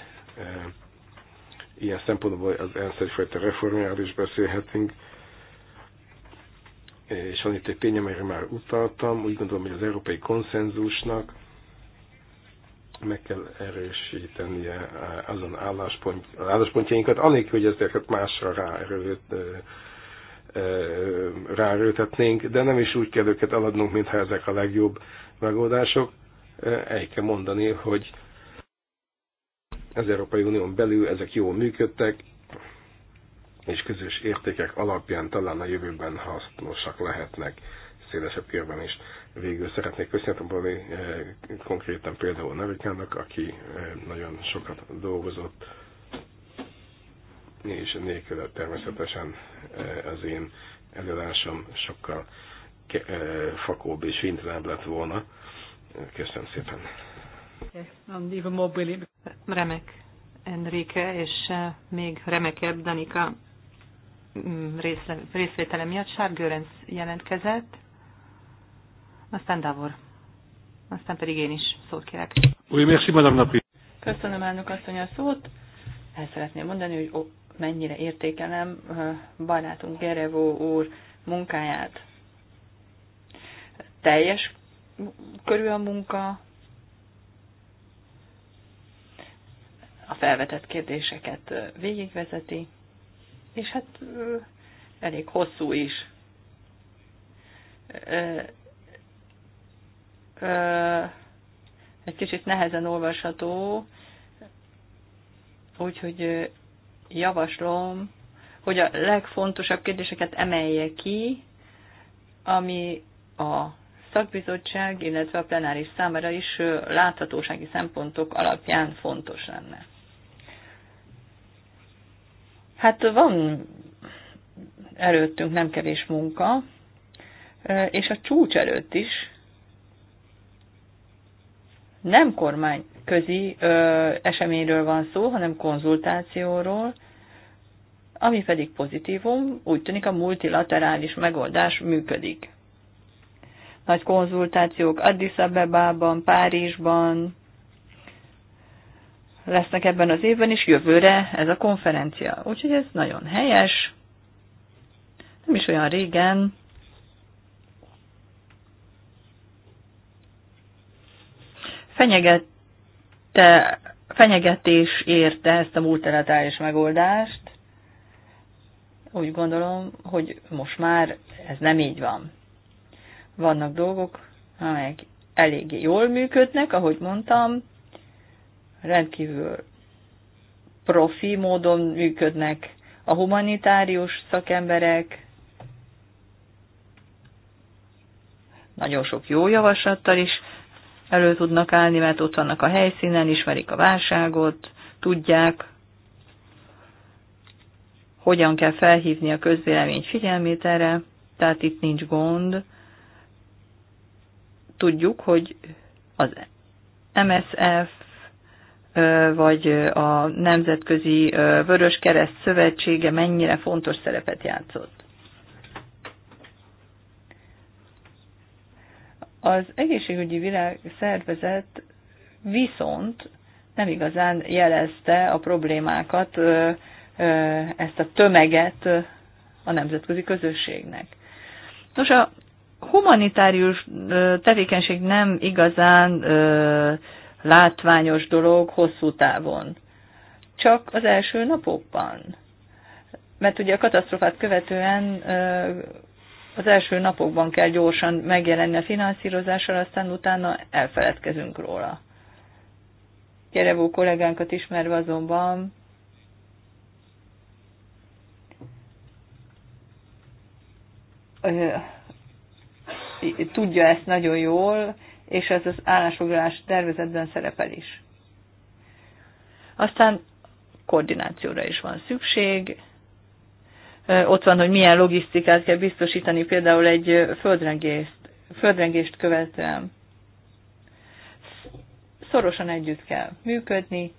Ilyen szempontból az ENSZ egyfajta reformjáról is beszélhetünk, és van itt egy tény, amelyre már utaltam, úgy gondolom, hogy az európai konszenzusnak meg kell erősítenie e, azon álláspont, az álláspontjainkat, annék, hogy ezeket másra ráerőt, e, e, ráerőtetnénk, de nem is úgy kell őket eladnunk, mintha ezek a legjobb megoldások. El kell mondani, hogy az Európai Unión belül ezek jól működtek, és közös értékek alapján talán a jövőben hasznosak lehetnek szélesebb körben is. Végül szeretnék köszönetet mondani eh, konkrétan például Navikának, aki eh, nagyon sokat dolgozott, és nélkül természetesen eh, az én előadásom sokkal fakóbb és intenebb lett volna. Köszönöm szépen. Remek Enrique, és még remekebb Danika mm, részvétele miatt Sárgőrenc jelentkezett aztán Davor. Aztán pedig én is szót kérek. Oui, merci, madame Napi. Köszönöm elnök asszony a szót. El szeretném mondani, hogy ó, mennyire értékelem barátunk Gerevó úr munkáját. Teljes körül a munka, a felvetett kérdéseket végigvezeti, és hát elég hosszú is egy kicsit nehezen olvasható, úgyhogy javaslom, hogy a legfontosabb kérdéseket emelje ki, ami a szakbizottság, illetve a plenáris számára is láthatósági szempontok alapján fontos lenne. Hát van előttünk nem kevés munka, és a csúcs előtt is nem kormányközi ö, eseményről van szó, hanem konzultációról, ami pedig pozitívum, úgy tűnik a multilaterális megoldás működik. Nagy konzultációk Addis Abebában, Párizsban lesznek ebben az évben, és jövőre ez a konferencia. Úgyhogy ez nagyon helyes. Nem is olyan régen fenyegette, fenyegetés érte ezt a multilaterális megoldást. Úgy gondolom, hogy most már ez nem így van. Vannak dolgok, amelyek eléggé jól működnek, ahogy mondtam, rendkívül profi módon működnek a humanitárius szakemberek, nagyon sok jó javaslattal is elő tudnak állni, mert ott vannak a helyszínen, ismerik a válságot, tudják, hogyan kell felhívni a közvélemény figyelmét erre, tehát itt nincs gond. Tudjuk, hogy az MSF vagy a Nemzetközi Vörös Kereszt Szövetsége mennyire fontos szerepet játszott. Az egészségügyi világ szervezet viszont nem igazán jelezte a problémákat, ezt a tömeget a nemzetközi közösségnek. Nos, a humanitárius tevékenység nem igazán látványos dolog hosszú távon, csak az első napokban. Mert ugye a katasztrofát követően az első napokban kell gyorsan megjelenni a finanszírozással, aztán utána elfeledkezünk róla. Gyerevó kollégánkat ismerve azonban tudja ezt nagyon jól, és ez az állásfoglalás tervezetben szerepel is. Aztán koordinációra is van szükség, ott van, hogy milyen logisztikát kell biztosítani például egy földrengést, földrengést követően. Szorosan együtt kell működni,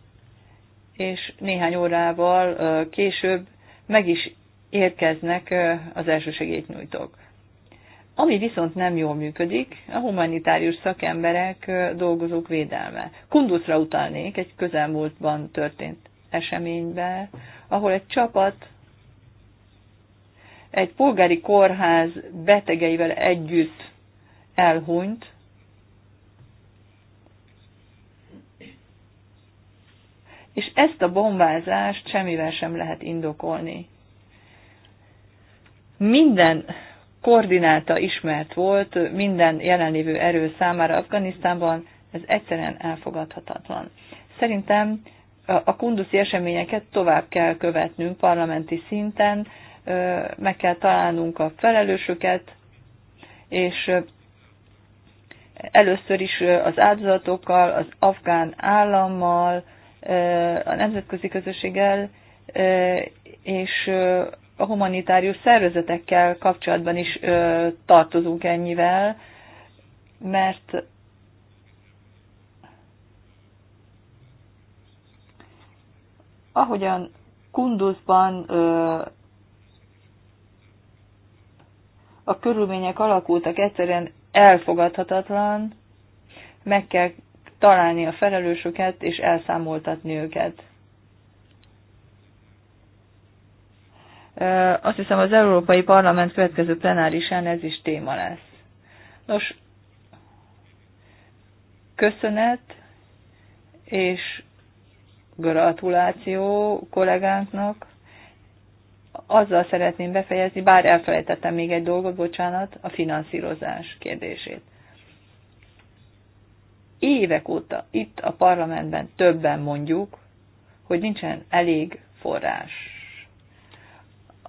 és néhány órával később meg is érkeznek az első segélynyújtók. Ami viszont nem jól működik, a humanitárius szakemberek dolgozók védelme. Kunduszra utalnék egy közelmúltban történt eseménybe, ahol egy csapat egy polgári kórház betegeivel együtt elhunyt, és ezt a bombázást semmivel sem lehet indokolni. Minden koordináta ismert volt minden jelenlévő erő számára Afganisztánban, ez egyszerűen elfogadhatatlan. Szerintem a kunduszi eseményeket tovább kell követnünk parlamenti szinten, meg kell találnunk a felelősöket, és először is az áldozatokkal, az afgán állammal, a nemzetközi közösséggel és a humanitárius szervezetekkel kapcsolatban is tartozunk ennyivel, mert ahogyan Kunduzban a körülmények alakultak egyszerűen elfogadhatatlan, meg kell találni a felelősöket és elszámoltatni őket. Azt hiszem az Európai Parlament következő plenárisán ez is téma lesz. Nos, köszönet és gratuláció kollégánknak, azzal szeretném befejezni, bár elfelejtettem még egy dolgot, bocsánat, a finanszírozás kérdését. Évek óta itt a parlamentben többen mondjuk, hogy nincsen elég forrás.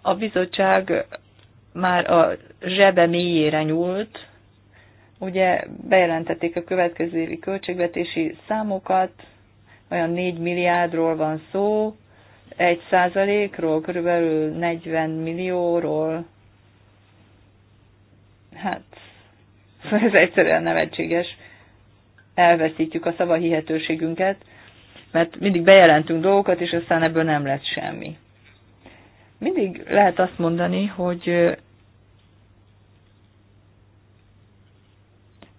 A bizottság már a zsebe mélyére nyúlt, ugye bejelentették a következő évi költségvetési számokat, olyan 4 milliárdról van szó, egy százalékról, körülbelül 40 millióról. Hát, ez egyszerűen nevetséges. Elveszítjük a szava hihetőségünket, mert mindig bejelentünk dolgokat, és aztán ebből nem lett semmi. Mindig lehet azt mondani, hogy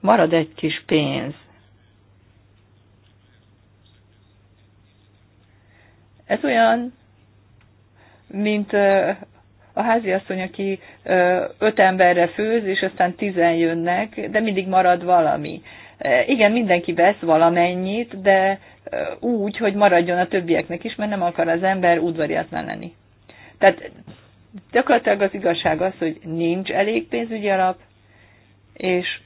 marad egy kis pénz Ez olyan, mint a háziasszony, aki öt emberre főz, és aztán tizen jönnek, de mindig marad valami. Igen, mindenki vesz valamennyit, de úgy, hogy maradjon a többieknek is, mert nem akar az ember udvariatlan lenni. Tehát gyakorlatilag az igazság az, hogy nincs elég pénzügyi alap, és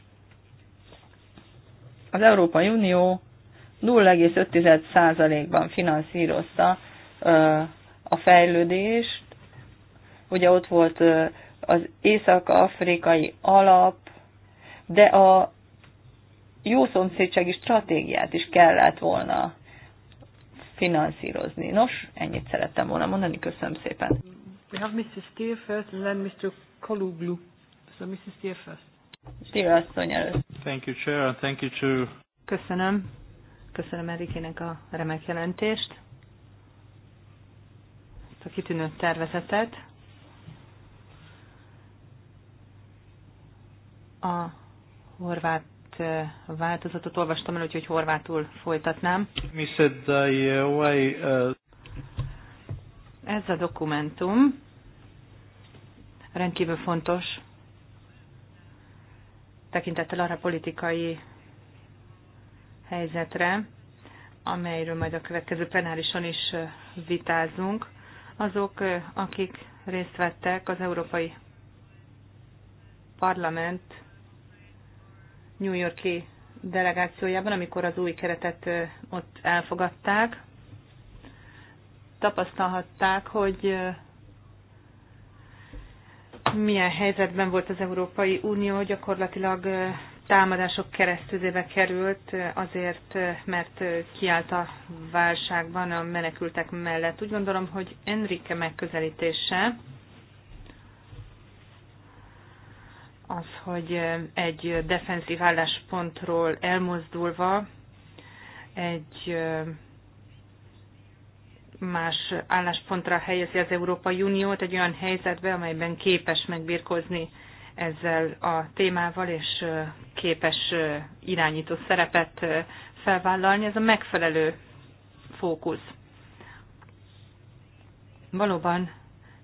az Európai Unió 0,5%-ban finanszírozta a fejlődést. Ugye ott volt az észak-afrikai alap, de a jó szomszédsági stratégiát is kellett volna finanszírozni. Nos, ennyit szerettem volna mondani, köszönöm szépen. We have Mrs. Steer first and then Mr. Koluglu. So Mrs. Steer first. Steer asszony előtt. Thank you, Chair, thank you to... Köszönöm. Köszönöm Erikének a remek jelentést ezt a kitűnő tervezetet. A horvát eh, változatot olvastam el, úgyhogy horvátul folytatnám. Mi eh, eh, Ez a dokumentum rendkívül fontos tekintettel arra politikai helyzetre, amelyről majd a következő plenárison is vitázunk azok, akik részt vettek az Európai Parlament New Yorki delegációjában, amikor az új keretet ott elfogadták, tapasztalhatták, hogy milyen helyzetben volt az Európai Unió, gyakorlatilag támadások keresztüzébe került azért, mert kiállt a válságban a menekültek mellett. Úgy gondolom, hogy Enrique megközelítése az, hogy egy defenzív álláspontról elmozdulva egy más álláspontra helyezi az Európai Uniót egy olyan helyzetbe, amelyben képes megbirkózni ezzel a témával, és képes irányító szerepet felvállalni, ez a megfelelő fókusz. Valóban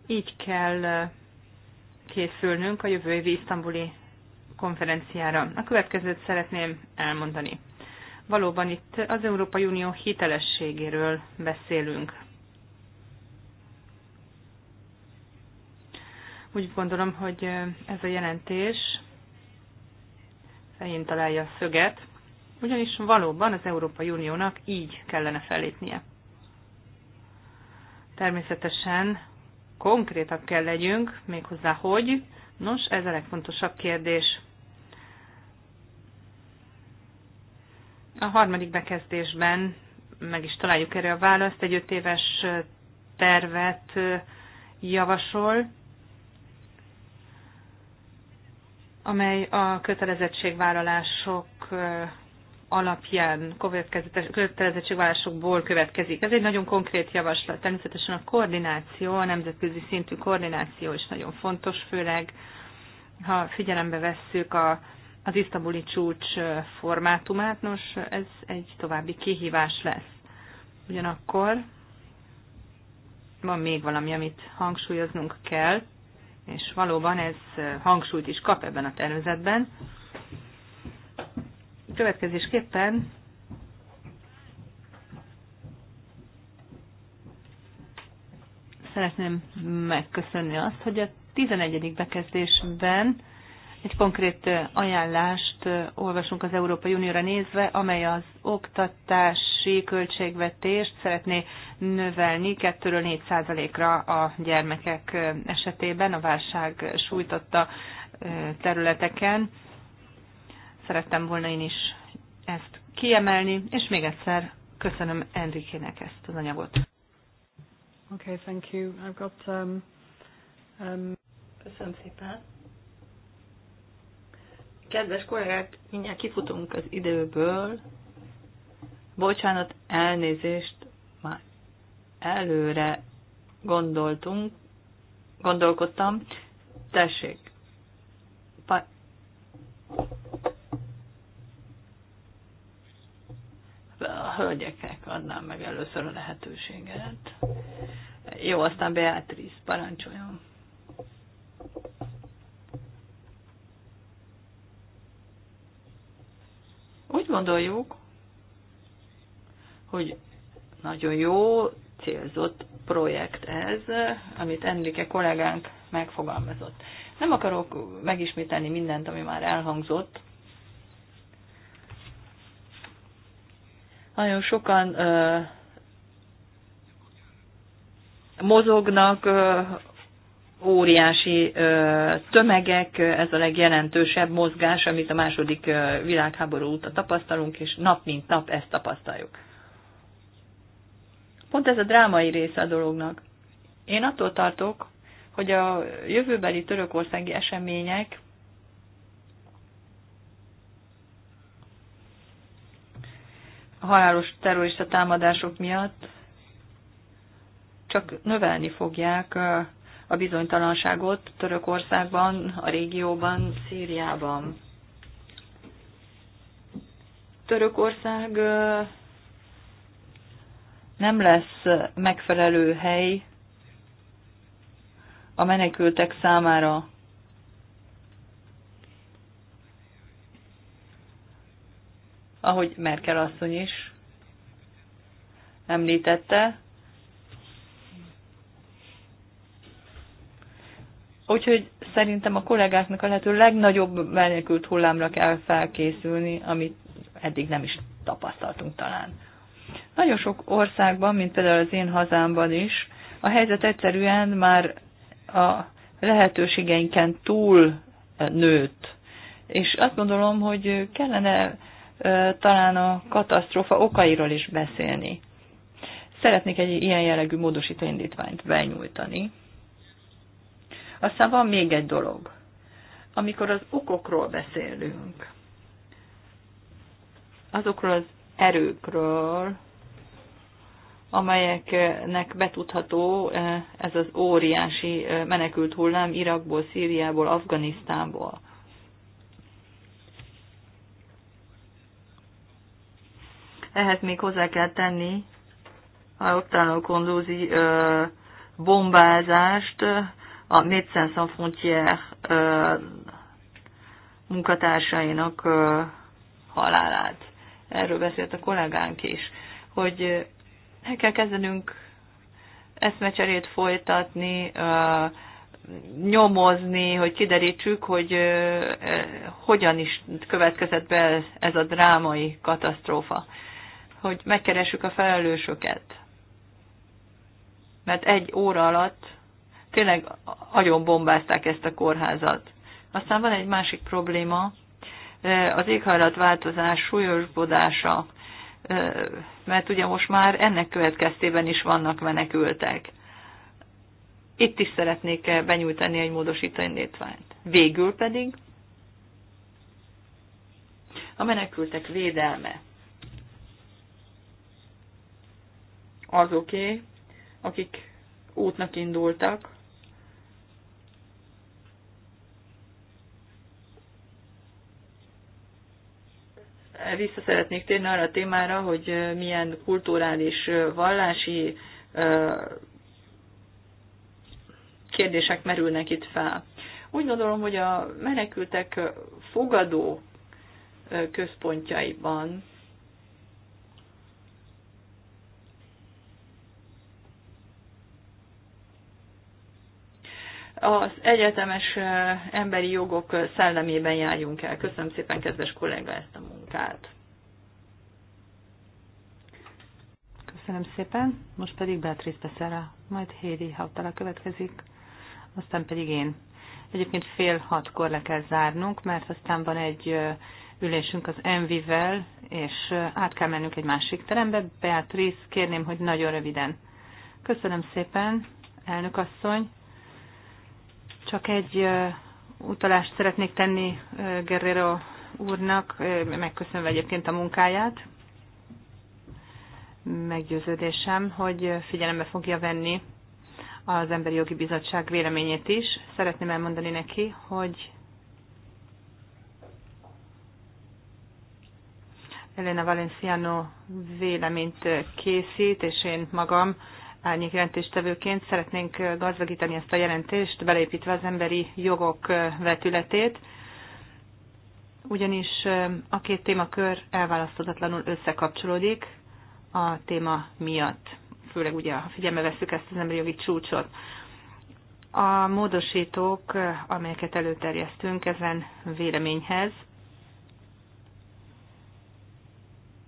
így kell készülnünk a jövő évi isztambuli konferenciára. A következőt szeretném elmondani. Valóban itt az Európai Unió hitelességéről beszélünk. Úgy gondolom, hogy ez a jelentés fején találja a szöget, ugyanis valóban az Európai Uniónak így kellene fellépnie. Természetesen konkrétak kell legyünk, méghozzá hogy. Nos, ez a legfontosabb kérdés. A harmadik bekezdésben meg is találjuk erre a választ. Egy öt éves tervet javasol, amely a kötelezettségvállalások alapján kötelezettségvállalásokból következik. Ez egy nagyon konkrét javaslat. Természetesen a koordináció, a nemzetközi szintű koordináció is nagyon fontos, főleg ha figyelembe vesszük a, az isztambuli csúcs formátumát, nos, ez egy további kihívás lesz. Ugyanakkor van még valami, amit hangsúlyoznunk kell és valóban ez hangsúlyt is kap ebben a tervezetben. Következésképpen szeretném megköszönni azt, hogy a 11. bekezdésben egy konkrét ajánlást olvasunk az Európai Unióra nézve, amely az oktatás oktatási költségvetést szeretné növelni 2-4 százalékra a gyermekek esetében a válság sújtotta területeken. Szerettem volna én is ezt kiemelni, és még egyszer köszönöm Enrikének ezt az anyagot. Okay, thank you. I've got, um, um... Köszönöm szépen. Kedves kollégák, mindjárt kifutunk az időből, Bocsánat, elnézést, már előre gondoltunk, gondolkodtam. Tessék. Pa- a hölgyeknek adnám meg először a lehetőséget. Jó, aztán Beatrice, parancsoljon. Úgy gondoljuk, hogy nagyon jó, célzott projekt ez, amit Enrique kollégánk megfogalmazott. Nem akarok megismételni mindent, ami már elhangzott. Nagyon sokan ö, mozognak ö, óriási ö, tömegek, ez a legjelentősebb mozgás, amit a második világháború óta tapasztalunk, és nap mint nap ezt tapasztaljuk. Pont ez a drámai része a dolognak. Én attól tartok, hogy a jövőbeli törökországi események a halálos terrorista támadások miatt csak növelni fogják a bizonytalanságot Törökországban, a régióban, Szíriában. Törökország nem lesz megfelelő hely a menekültek számára. Ahogy Merkel asszony is említette. Úgyhogy szerintem a kollégáknak a lehető legnagyobb menekült hullámra kell felkészülni, amit eddig nem is tapasztaltunk talán. Nagyon sok országban, mint például az én hazámban is, a helyzet egyszerűen már a lehetőségeinken túl eh, nőtt. És azt gondolom, hogy kellene eh, talán a katasztrófa okairól is beszélni. Szeretnék egy ilyen jellegű módosító indítványt benyújtani. Aztán van még egy dolog. Amikor az okokról beszélünk, azokról az erőkről, amelyeknek betudható eh, ez az óriási eh, menekült hullám Irakból, Szíriából, Afganisztánból. Ehhez még hozzá kell tenni a kondúzi eh, bombázást a Médecins Sans Frontières munkatársainak halálát. Erről beszélt a kollégánk is, hogy meg kell kezdenünk eszmecserét folytatni, nyomozni, hogy kiderítsük, hogy hogyan is következett be ez a drámai katasztrófa, hogy megkeressük a felelősöket. Mert egy óra alatt tényleg nagyon bombázták ezt a kórházat. Aztán van egy másik probléma, az éghajlatváltozás súlyosbodása mert ugye most már ennek következtében is vannak menekültek. Itt is szeretnék benyújtani egy módosító indítványt. Végül pedig a menekültek védelme. Azoké, akik útnak indultak, vissza szeretnék térni arra a témára, hogy milyen kulturális, vallási kérdések merülnek itt fel. Úgy gondolom, hogy a menekültek fogadó központjaiban az egyetemes emberi jogok szellemében járjunk el. Köszönöm szépen, kedves kollega, ezt a munkát kommunikált. Köszönöm szépen, most pedig Beatrice Becerra, majd Héri Hautala következik, aztán pedig én. Egyébként fél hatkor le kell zárnunk, mert aztán van egy ülésünk az Envivel, és át kell mennünk egy másik terembe. Beatrice, kérném, hogy nagyon röviden. Köszönöm szépen, elnök asszony. Csak egy utalást szeretnék tenni Guerrero úrnak, megköszönve egyébként a munkáját. Meggyőződésem, hogy figyelembe fogja venni az Emberi Jogi Bizottság véleményét is. Szeretném elmondani neki, hogy Elena Valenciano véleményt készít, és én magam árnyék jelentéstevőként szeretnénk gazdagítani ezt a jelentést, beleépítve az emberi jogok vetületét ugyanis a két témakör elválasztatlanul összekapcsolódik a téma miatt, főleg ugye, ha figyelme veszük ezt az emberi jogi csúcsot. A módosítók, amelyeket előterjesztünk ezen véleményhez,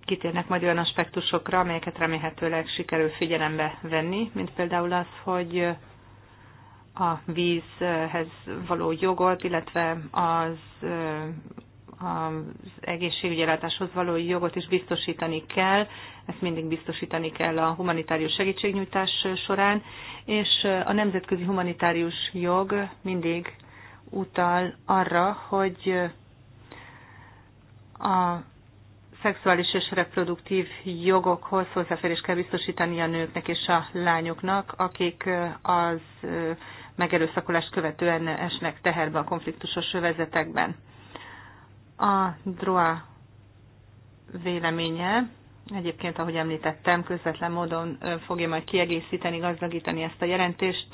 kitérnek majd olyan aspektusokra, amelyeket remélhetőleg sikerül figyelembe venni, mint például az, hogy a vízhez való jogot, illetve az az egészségügyelátáshoz való jogot is biztosítani kell, ezt mindig biztosítani kell a humanitárius segítségnyújtás során, és a nemzetközi humanitárius jog mindig utal arra, hogy a szexuális és reproduktív jogokhoz hozzáférés kell biztosítani a nőknek és a lányoknak, akik az megerőszakolást követően esnek teherbe a konfliktusos övezetekben. A DROA véleménye, egyébként, ahogy említettem, közvetlen módon fogja majd kiegészíteni, gazdagítani ezt a jelentést,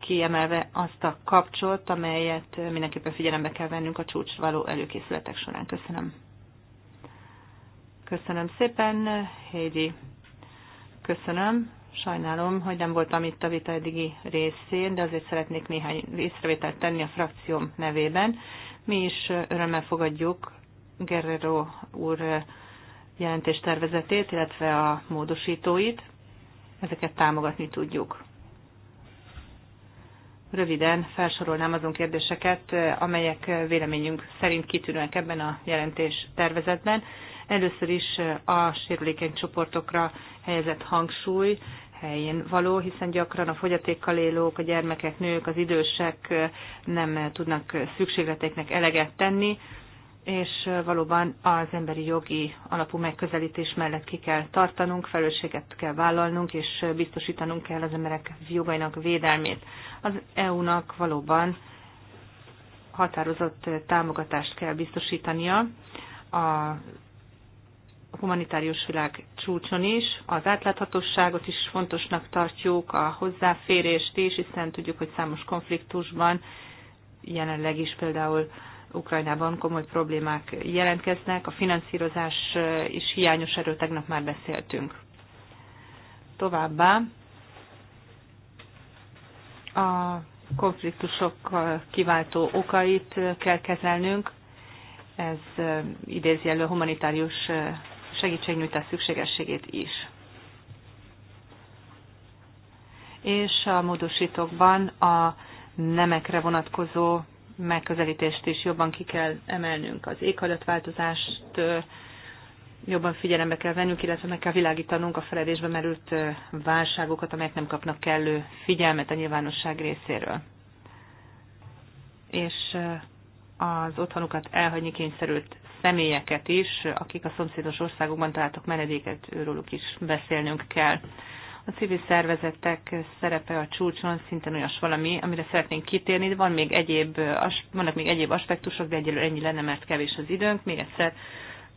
kiemelve azt a kapcsolt, amelyet mindenképpen figyelembe kell vennünk a csúcs való előkészületek során. Köszönöm. Köszönöm szépen, Heidi. Köszönöm. Sajnálom, hogy nem voltam itt a vita eddigi részén, de azért szeretnék néhány észrevételt tenni a frakcióm nevében. Mi is örömmel fogadjuk Guerrero úr jelentéstervezetét, illetve a módosítóit. Ezeket támogatni tudjuk. Röviden felsorolnám azon kérdéseket, amelyek véleményünk szerint kitűnőek ebben a jelentés tervezetben. Először is a sérülékeny csoportokra helyezett hangsúly, helyén való, hiszen gyakran a fogyatékkal élők, a gyermekek, nők, az idősek nem tudnak szükségleteknek eleget tenni, és valóban az emberi jogi alapú megközelítés mellett ki kell tartanunk, felelősséget kell vállalnunk, és biztosítanunk kell az emberek jogainak védelmét. Az EU-nak valóban határozott támogatást kell biztosítania a humanitárius világ csúcson is. Az átláthatóságot is fontosnak tartjuk, a hozzáférést is, hiszen tudjuk, hogy számos konfliktusban, jelenleg is például Ukrajnában komoly problémák jelentkeznek, a finanszírozás eh, is hiányos, erről tegnap már beszéltünk. Továbbá a konfliktusok eh, kiváltó okait eh, kell kezelnünk, ez idézi elő humanitárius segítségnyújtás szükségességét is. És a módosítókban a nemekre vonatkozó megközelítést is jobban ki kell emelnünk. Az éghajlatváltozást jobban figyelembe kell vennünk, illetve meg kell világítanunk a feledésbe merült válságokat, amelyek nem kapnak kellő figyelmet a nyilvánosság részéről. És az otthonukat elhagyni kényszerült személyeket is, akik a szomszédos országokban találtak menedéket, őróluk is beszélnünk kell. A civil szervezetek szerepe a csúcson szinten olyas valami, amire szeretnénk kitérni, de van még egyéb, vannak még egyéb aspektusok, de egyelőre ennyi lenne, mert kevés az időnk. Még egyszer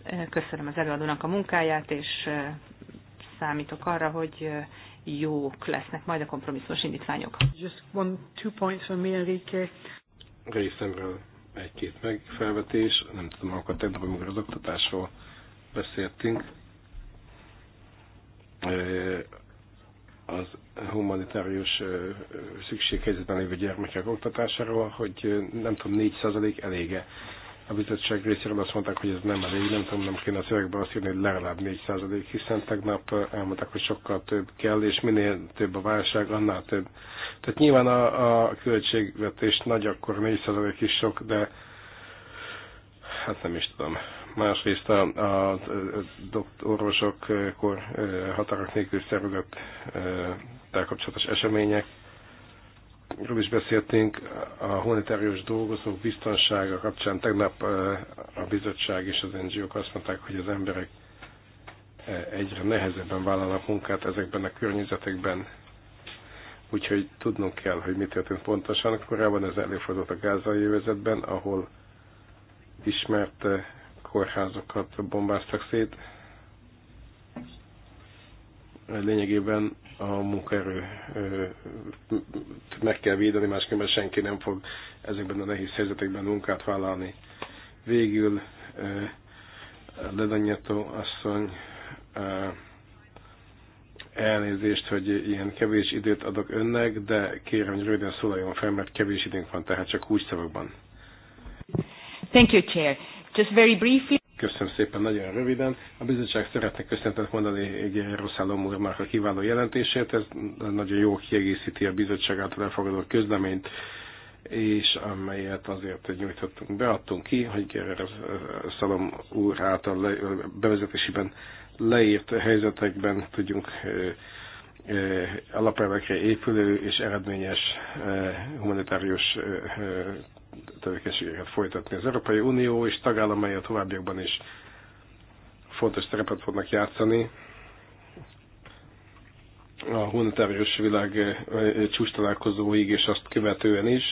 eh, köszönöm az előadónak a munkáját, és eh, számítok arra, hogy eh, jók lesznek majd a kompromisszumos indítványok. Just one, two points from me, Enrique. Részemről egy-két megfelvetés, nem tudom, akkor tegnap, amikor az oktatásról beszéltünk, az humanitárius szükséghelyzetben lévő gyermekek oktatásáról, hogy nem tudom, 4% elége a bizottság részéről azt mondták, hogy ez nem elég, nem tudom, nem kéne a szövegbe azt írni, hogy legalább 4 hiszen tegnap elmondták, hogy sokkal több kell, és minél több a válság, annál több. Tehát nyilván a, a költségvetés nagy, akkor 4 is sok, de hát nem is tudom. Másrészt a, a, a dokt, orvosok kor, határok nélkül szervezett kapcsolatos események ről is beszéltünk, a humanitárius dolgozók biztonsága kapcsán tegnap eh, a bizottság és az NGO-k azt mondták, hogy az emberek eh, egyre nehezebben vállalnak munkát ezekben a környezetekben, úgyhogy tudnunk kell, hogy mi történt pontosan. Korábban ez előfordult a gázai jövezetben, ahol ismert eh, kórházokat bombáztak szét, lényegében a munkaerő meg kell védeni, másképpen senki nem fog ezekben a nehéz helyzetekben munkát vállalni. Végül Ledanyató asszony elnézést, hogy ilyen kevés időt adok önnek, de kérem, hogy röviden szólaljon fel, mert kevés időnk van, tehát csak úgy szavakban. Thank you, Chair. Just very briefly. Köszönöm szépen, nagyon röviden. A bizottság szeretne köszöntet mondani egy Rosszálom úrnak a kiváló jelentését. Ez nagyon jó kiegészíti a bizottság által elfogadott közleményt, és amelyet azért nyújtottunk, beadtunk ki, hogy Szalom úr által le, bevezetésében leírt helyzetekben tudjunk alapelvekre épülő és eredményes humanitárius tevékenységeket folytatni. Az Európai Unió és tagállamai a továbbiakban is fontos szerepet fognak játszani a humanitárius világ csúcs találkozóig és azt követően is.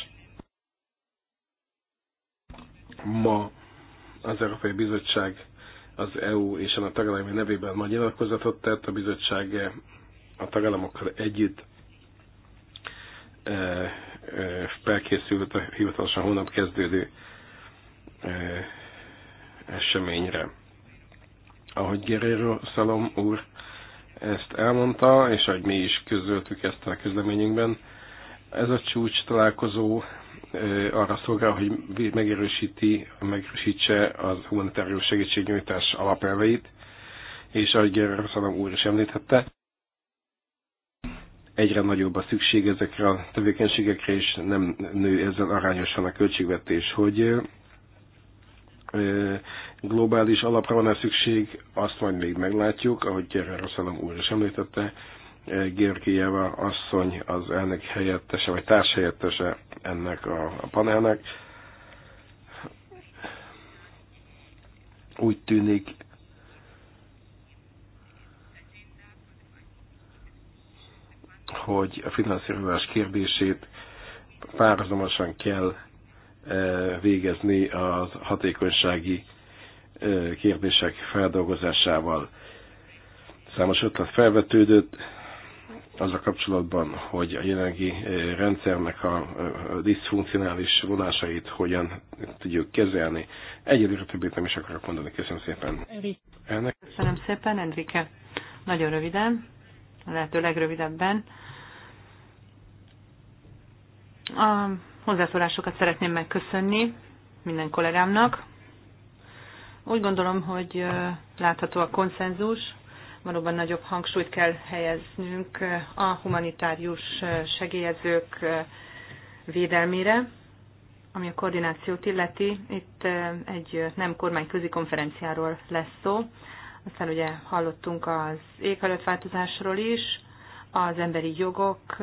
Ma az Európai Bizottság az EU és a tagállami nevében ma nyilatkozatot tett, a bizottság a tagállamokkal együtt eh, eh, felkészült a hivatalosan hónap kezdődő eh, eseményre. Ahogy Guerrero Szalom úr ezt elmondta, és ahogy mi is közöltük ezt a közleményünkben, ez a csúcs találkozó arra szolgál, hogy megerősíti, megerősítse az humanitárius segítségnyújtás alapelveit, és ahogy Gerard Szalom úr is említette, egyre nagyobb a szükség ezekre a tevékenységekre, és nem nő ezzel arányosan a költségvetés, hogy globális alapra van-e szükség, azt majd még meglátjuk, ahogy Gerard Rosszalom úr is említette, Georgieva asszony az elnök helyettese, vagy társhelyettese ennek a panelnek. Úgy tűnik, hogy a finanszírozás kérdését párhuzamosan kell e, végezni a hatékonysági e, kérdések feldolgozásával. Számos ötlet felvetődött az a kapcsolatban, hogy a jelenlegi e, rendszernek a diszfunkcionális vonásait hogyan tudjuk kezelni. Egyelőre többét nem is akarok mondani. Köszönöm szépen. Ennek... Köszönöm szépen, Enrique. Nagyon röviden, lehető legrövidebben a hozzászólásokat szeretném megköszönni minden kollégámnak. Úgy gondolom, hogy látható a konszenzus, valóban nagyobb hangsúlyt kell helyeznünk a humanitárius segélyezők védelmére, ami a koordinációt illeti. Itt egy nem kormányközi konferenciáról lesz szó. Aztán ugye hallottunk az éghajlatváltozásról is, az emberi jogok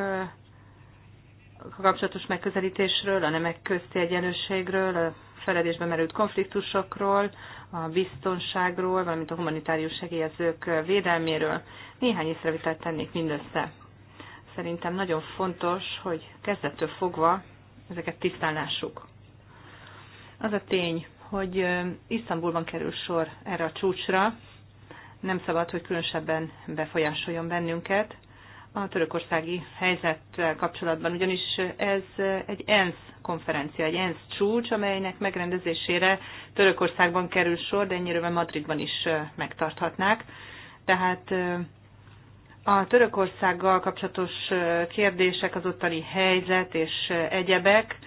kapcsolatos megközelítésről, a nemek közti egyenlőségről, a feledésben merült konfliktusokról, a biztonságról, valamint a humanitárius segélyezők védelméről. Néhány észrevételt tennék mindössze. Szerintem nagyon fontos, hogy kezdettől fogva ezeket tisztánlássuk. Az a tény, hogy Isztambulban kerül sor erre a csúcsra, nem szabad, hogy különösebben befolyásoljon bennünket, a törökországi helyzet kapcsolatban, ugyanis ez egy ENSZ konferencia, egy ENSZ csúcs, amelynek megrendezésére Törökországban kerül sor, de ennyire Madridban is megtarthatnák. Tehát a Törökországgal kapcsolatos kérdések, az ottani helyzet és egyebek,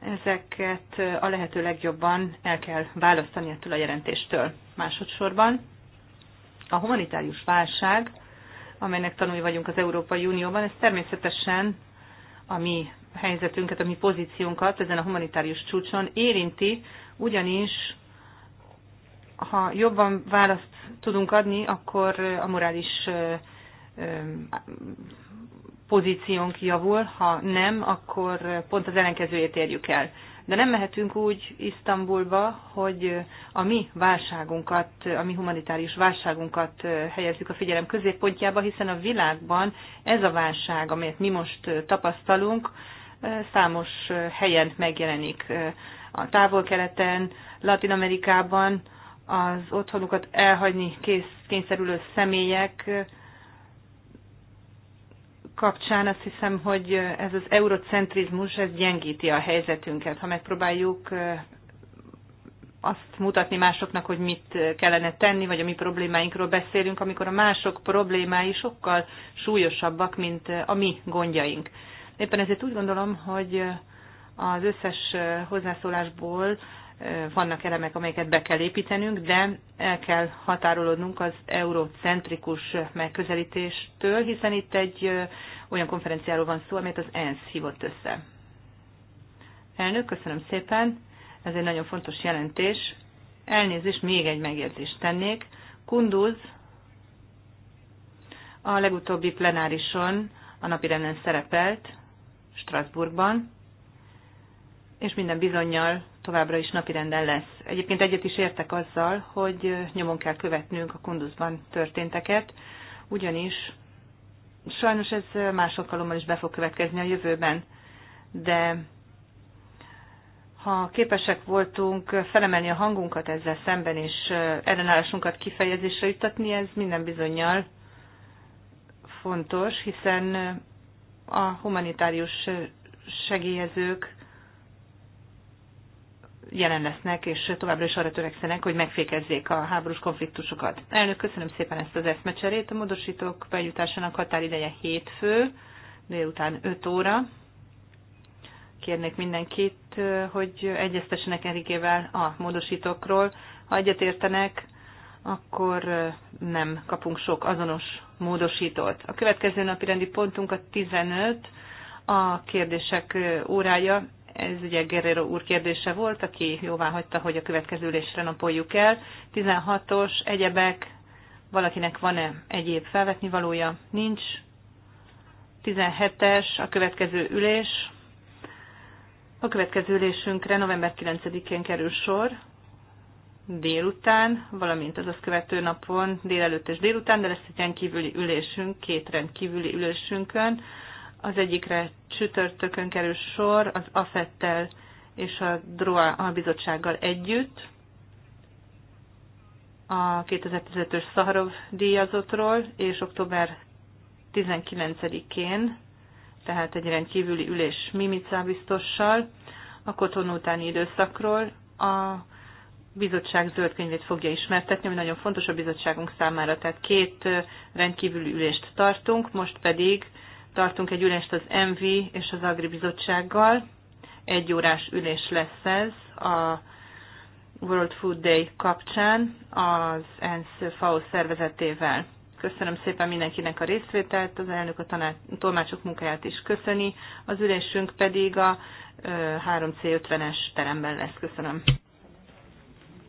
ezeket a lehető legjobban el kell választani ettől a jelentéstől. Másodszorban a humanitárius válság amelynek tanulni vagyunk az Európai Unióban. Ez természetesen a mi helyzetünket, a mi pozíciónkat ezen a humanitárius csúcson érinti, ugyanis ha jobban választ tudunk adni, akkor a morális pozíciónk javul, ha nem, akkor pont az ellenkezőjét érjük el de nem mehetünk úgy Isztambulba, hogy a mi válságunkat, a mi humanitárius válságunkat helyezzük a figyelem középpontjába, hiszen a világban ez a válság, amelyet mi most tapasztalunk, számos helyen megjelenik. A távol-keleten, Latin-Amerikában az otthonukat elhagyni kész, kényszerülő személyek kapcsán azt hiszem, hogy ez az eurocentrizmus, ez gyengíti a helyzetünket. Ha megpróbáljuk azt mutatni másoknak, hogy mit kellene tenni, vagy a mi problémáinkról beszélünk, amikor a mások problémái sokkal súlyosabbak, mint a mi gondjaink. Éppen ezért úgy gondolom, hogy az összes hozzászólásból vannak elemek, amelyeket be kell építenünk, de el kell határolódnunk az eurocentrikus megközelítéstől, hiszen itt egy olyan konferenciáról van szó, amelyet az ENSZ hívott össze. Elnök, köszönöm szépen, ez egy nagyon fontos jelentés. Elnézést, még egy megjegyzést tennék. Kunduz a legutóbbi plenárison a napirenden szerepelt Strasbourgban, és minden bizonyal továbbra is napirenden lesz. Egyébként egyet is értek azzal, hogy nyomon kell követnünk a kunduszban történteket, ugyanis sajnos ez más alkalommal is be fog következni a jövőben, de ha képesek voltunk felemelni a hangunkat ezzel szemben, és ellenállásunkat kifejezésre juttatni, ez minden bizonyal fontos, hiszen a humanitárius segélyezők jelen lesznek, és továbbra is arra törekszenek, hogy megfékezzék a háborús konfliktusokat. Elnök, köszönöm szépen ezt az eszmecserét. A módosítók bejutásának határideje hétfő, délután 5 óra. Kérnék mindenkit, hogy egyeztessenek Erikével a módosítókról. Ha egyetértenek, akkor nem kapunk sok azonos módosítót. A következő napi rendi pontunk a 15, a kérdések órája ez ugye Guerrero úr kérdése volt, aki jóvá hagyta, hogy a következő ülésre napoljuk el. 16-os, egyebek, valakinek van-e egyéb felvetni valója? Nincs. 17-es, a következő ülés. A következő ülésünkre november 9-én kerül sor, délután, valamint az azt követő napon, délelőtt és délután, de lesz egy rendkívüli ülésünk, két rendkívüli ülésünkön az egyikre csütörtökön kerül sor az AFET-tel és a DROA bizottsággal együtt a 2015-ös Szaharov díjazottról, és október 19-én, tehát egy rendkívüli ülés Mimica biztossal, a koton utáni időszakról a bizottság zöld könyvét fogja ismertetni, ami nagyon fontos a bizottságunk számára. Tehát két rendkívüli ülést tartunk, most pedig tartunk egy ülést az MV és az Agri Bizottsággal. Egy órás ülés lesz ez a World Food Day kapcsán az ENSZ FAO szervezetével. Köszönöm szépen mindenkinek a részvételt, az elnök a tanács, a tolmácsok munkáját is köszöni, az ülésünk pedig a 3C50-es teremben lesz. Köszönöm.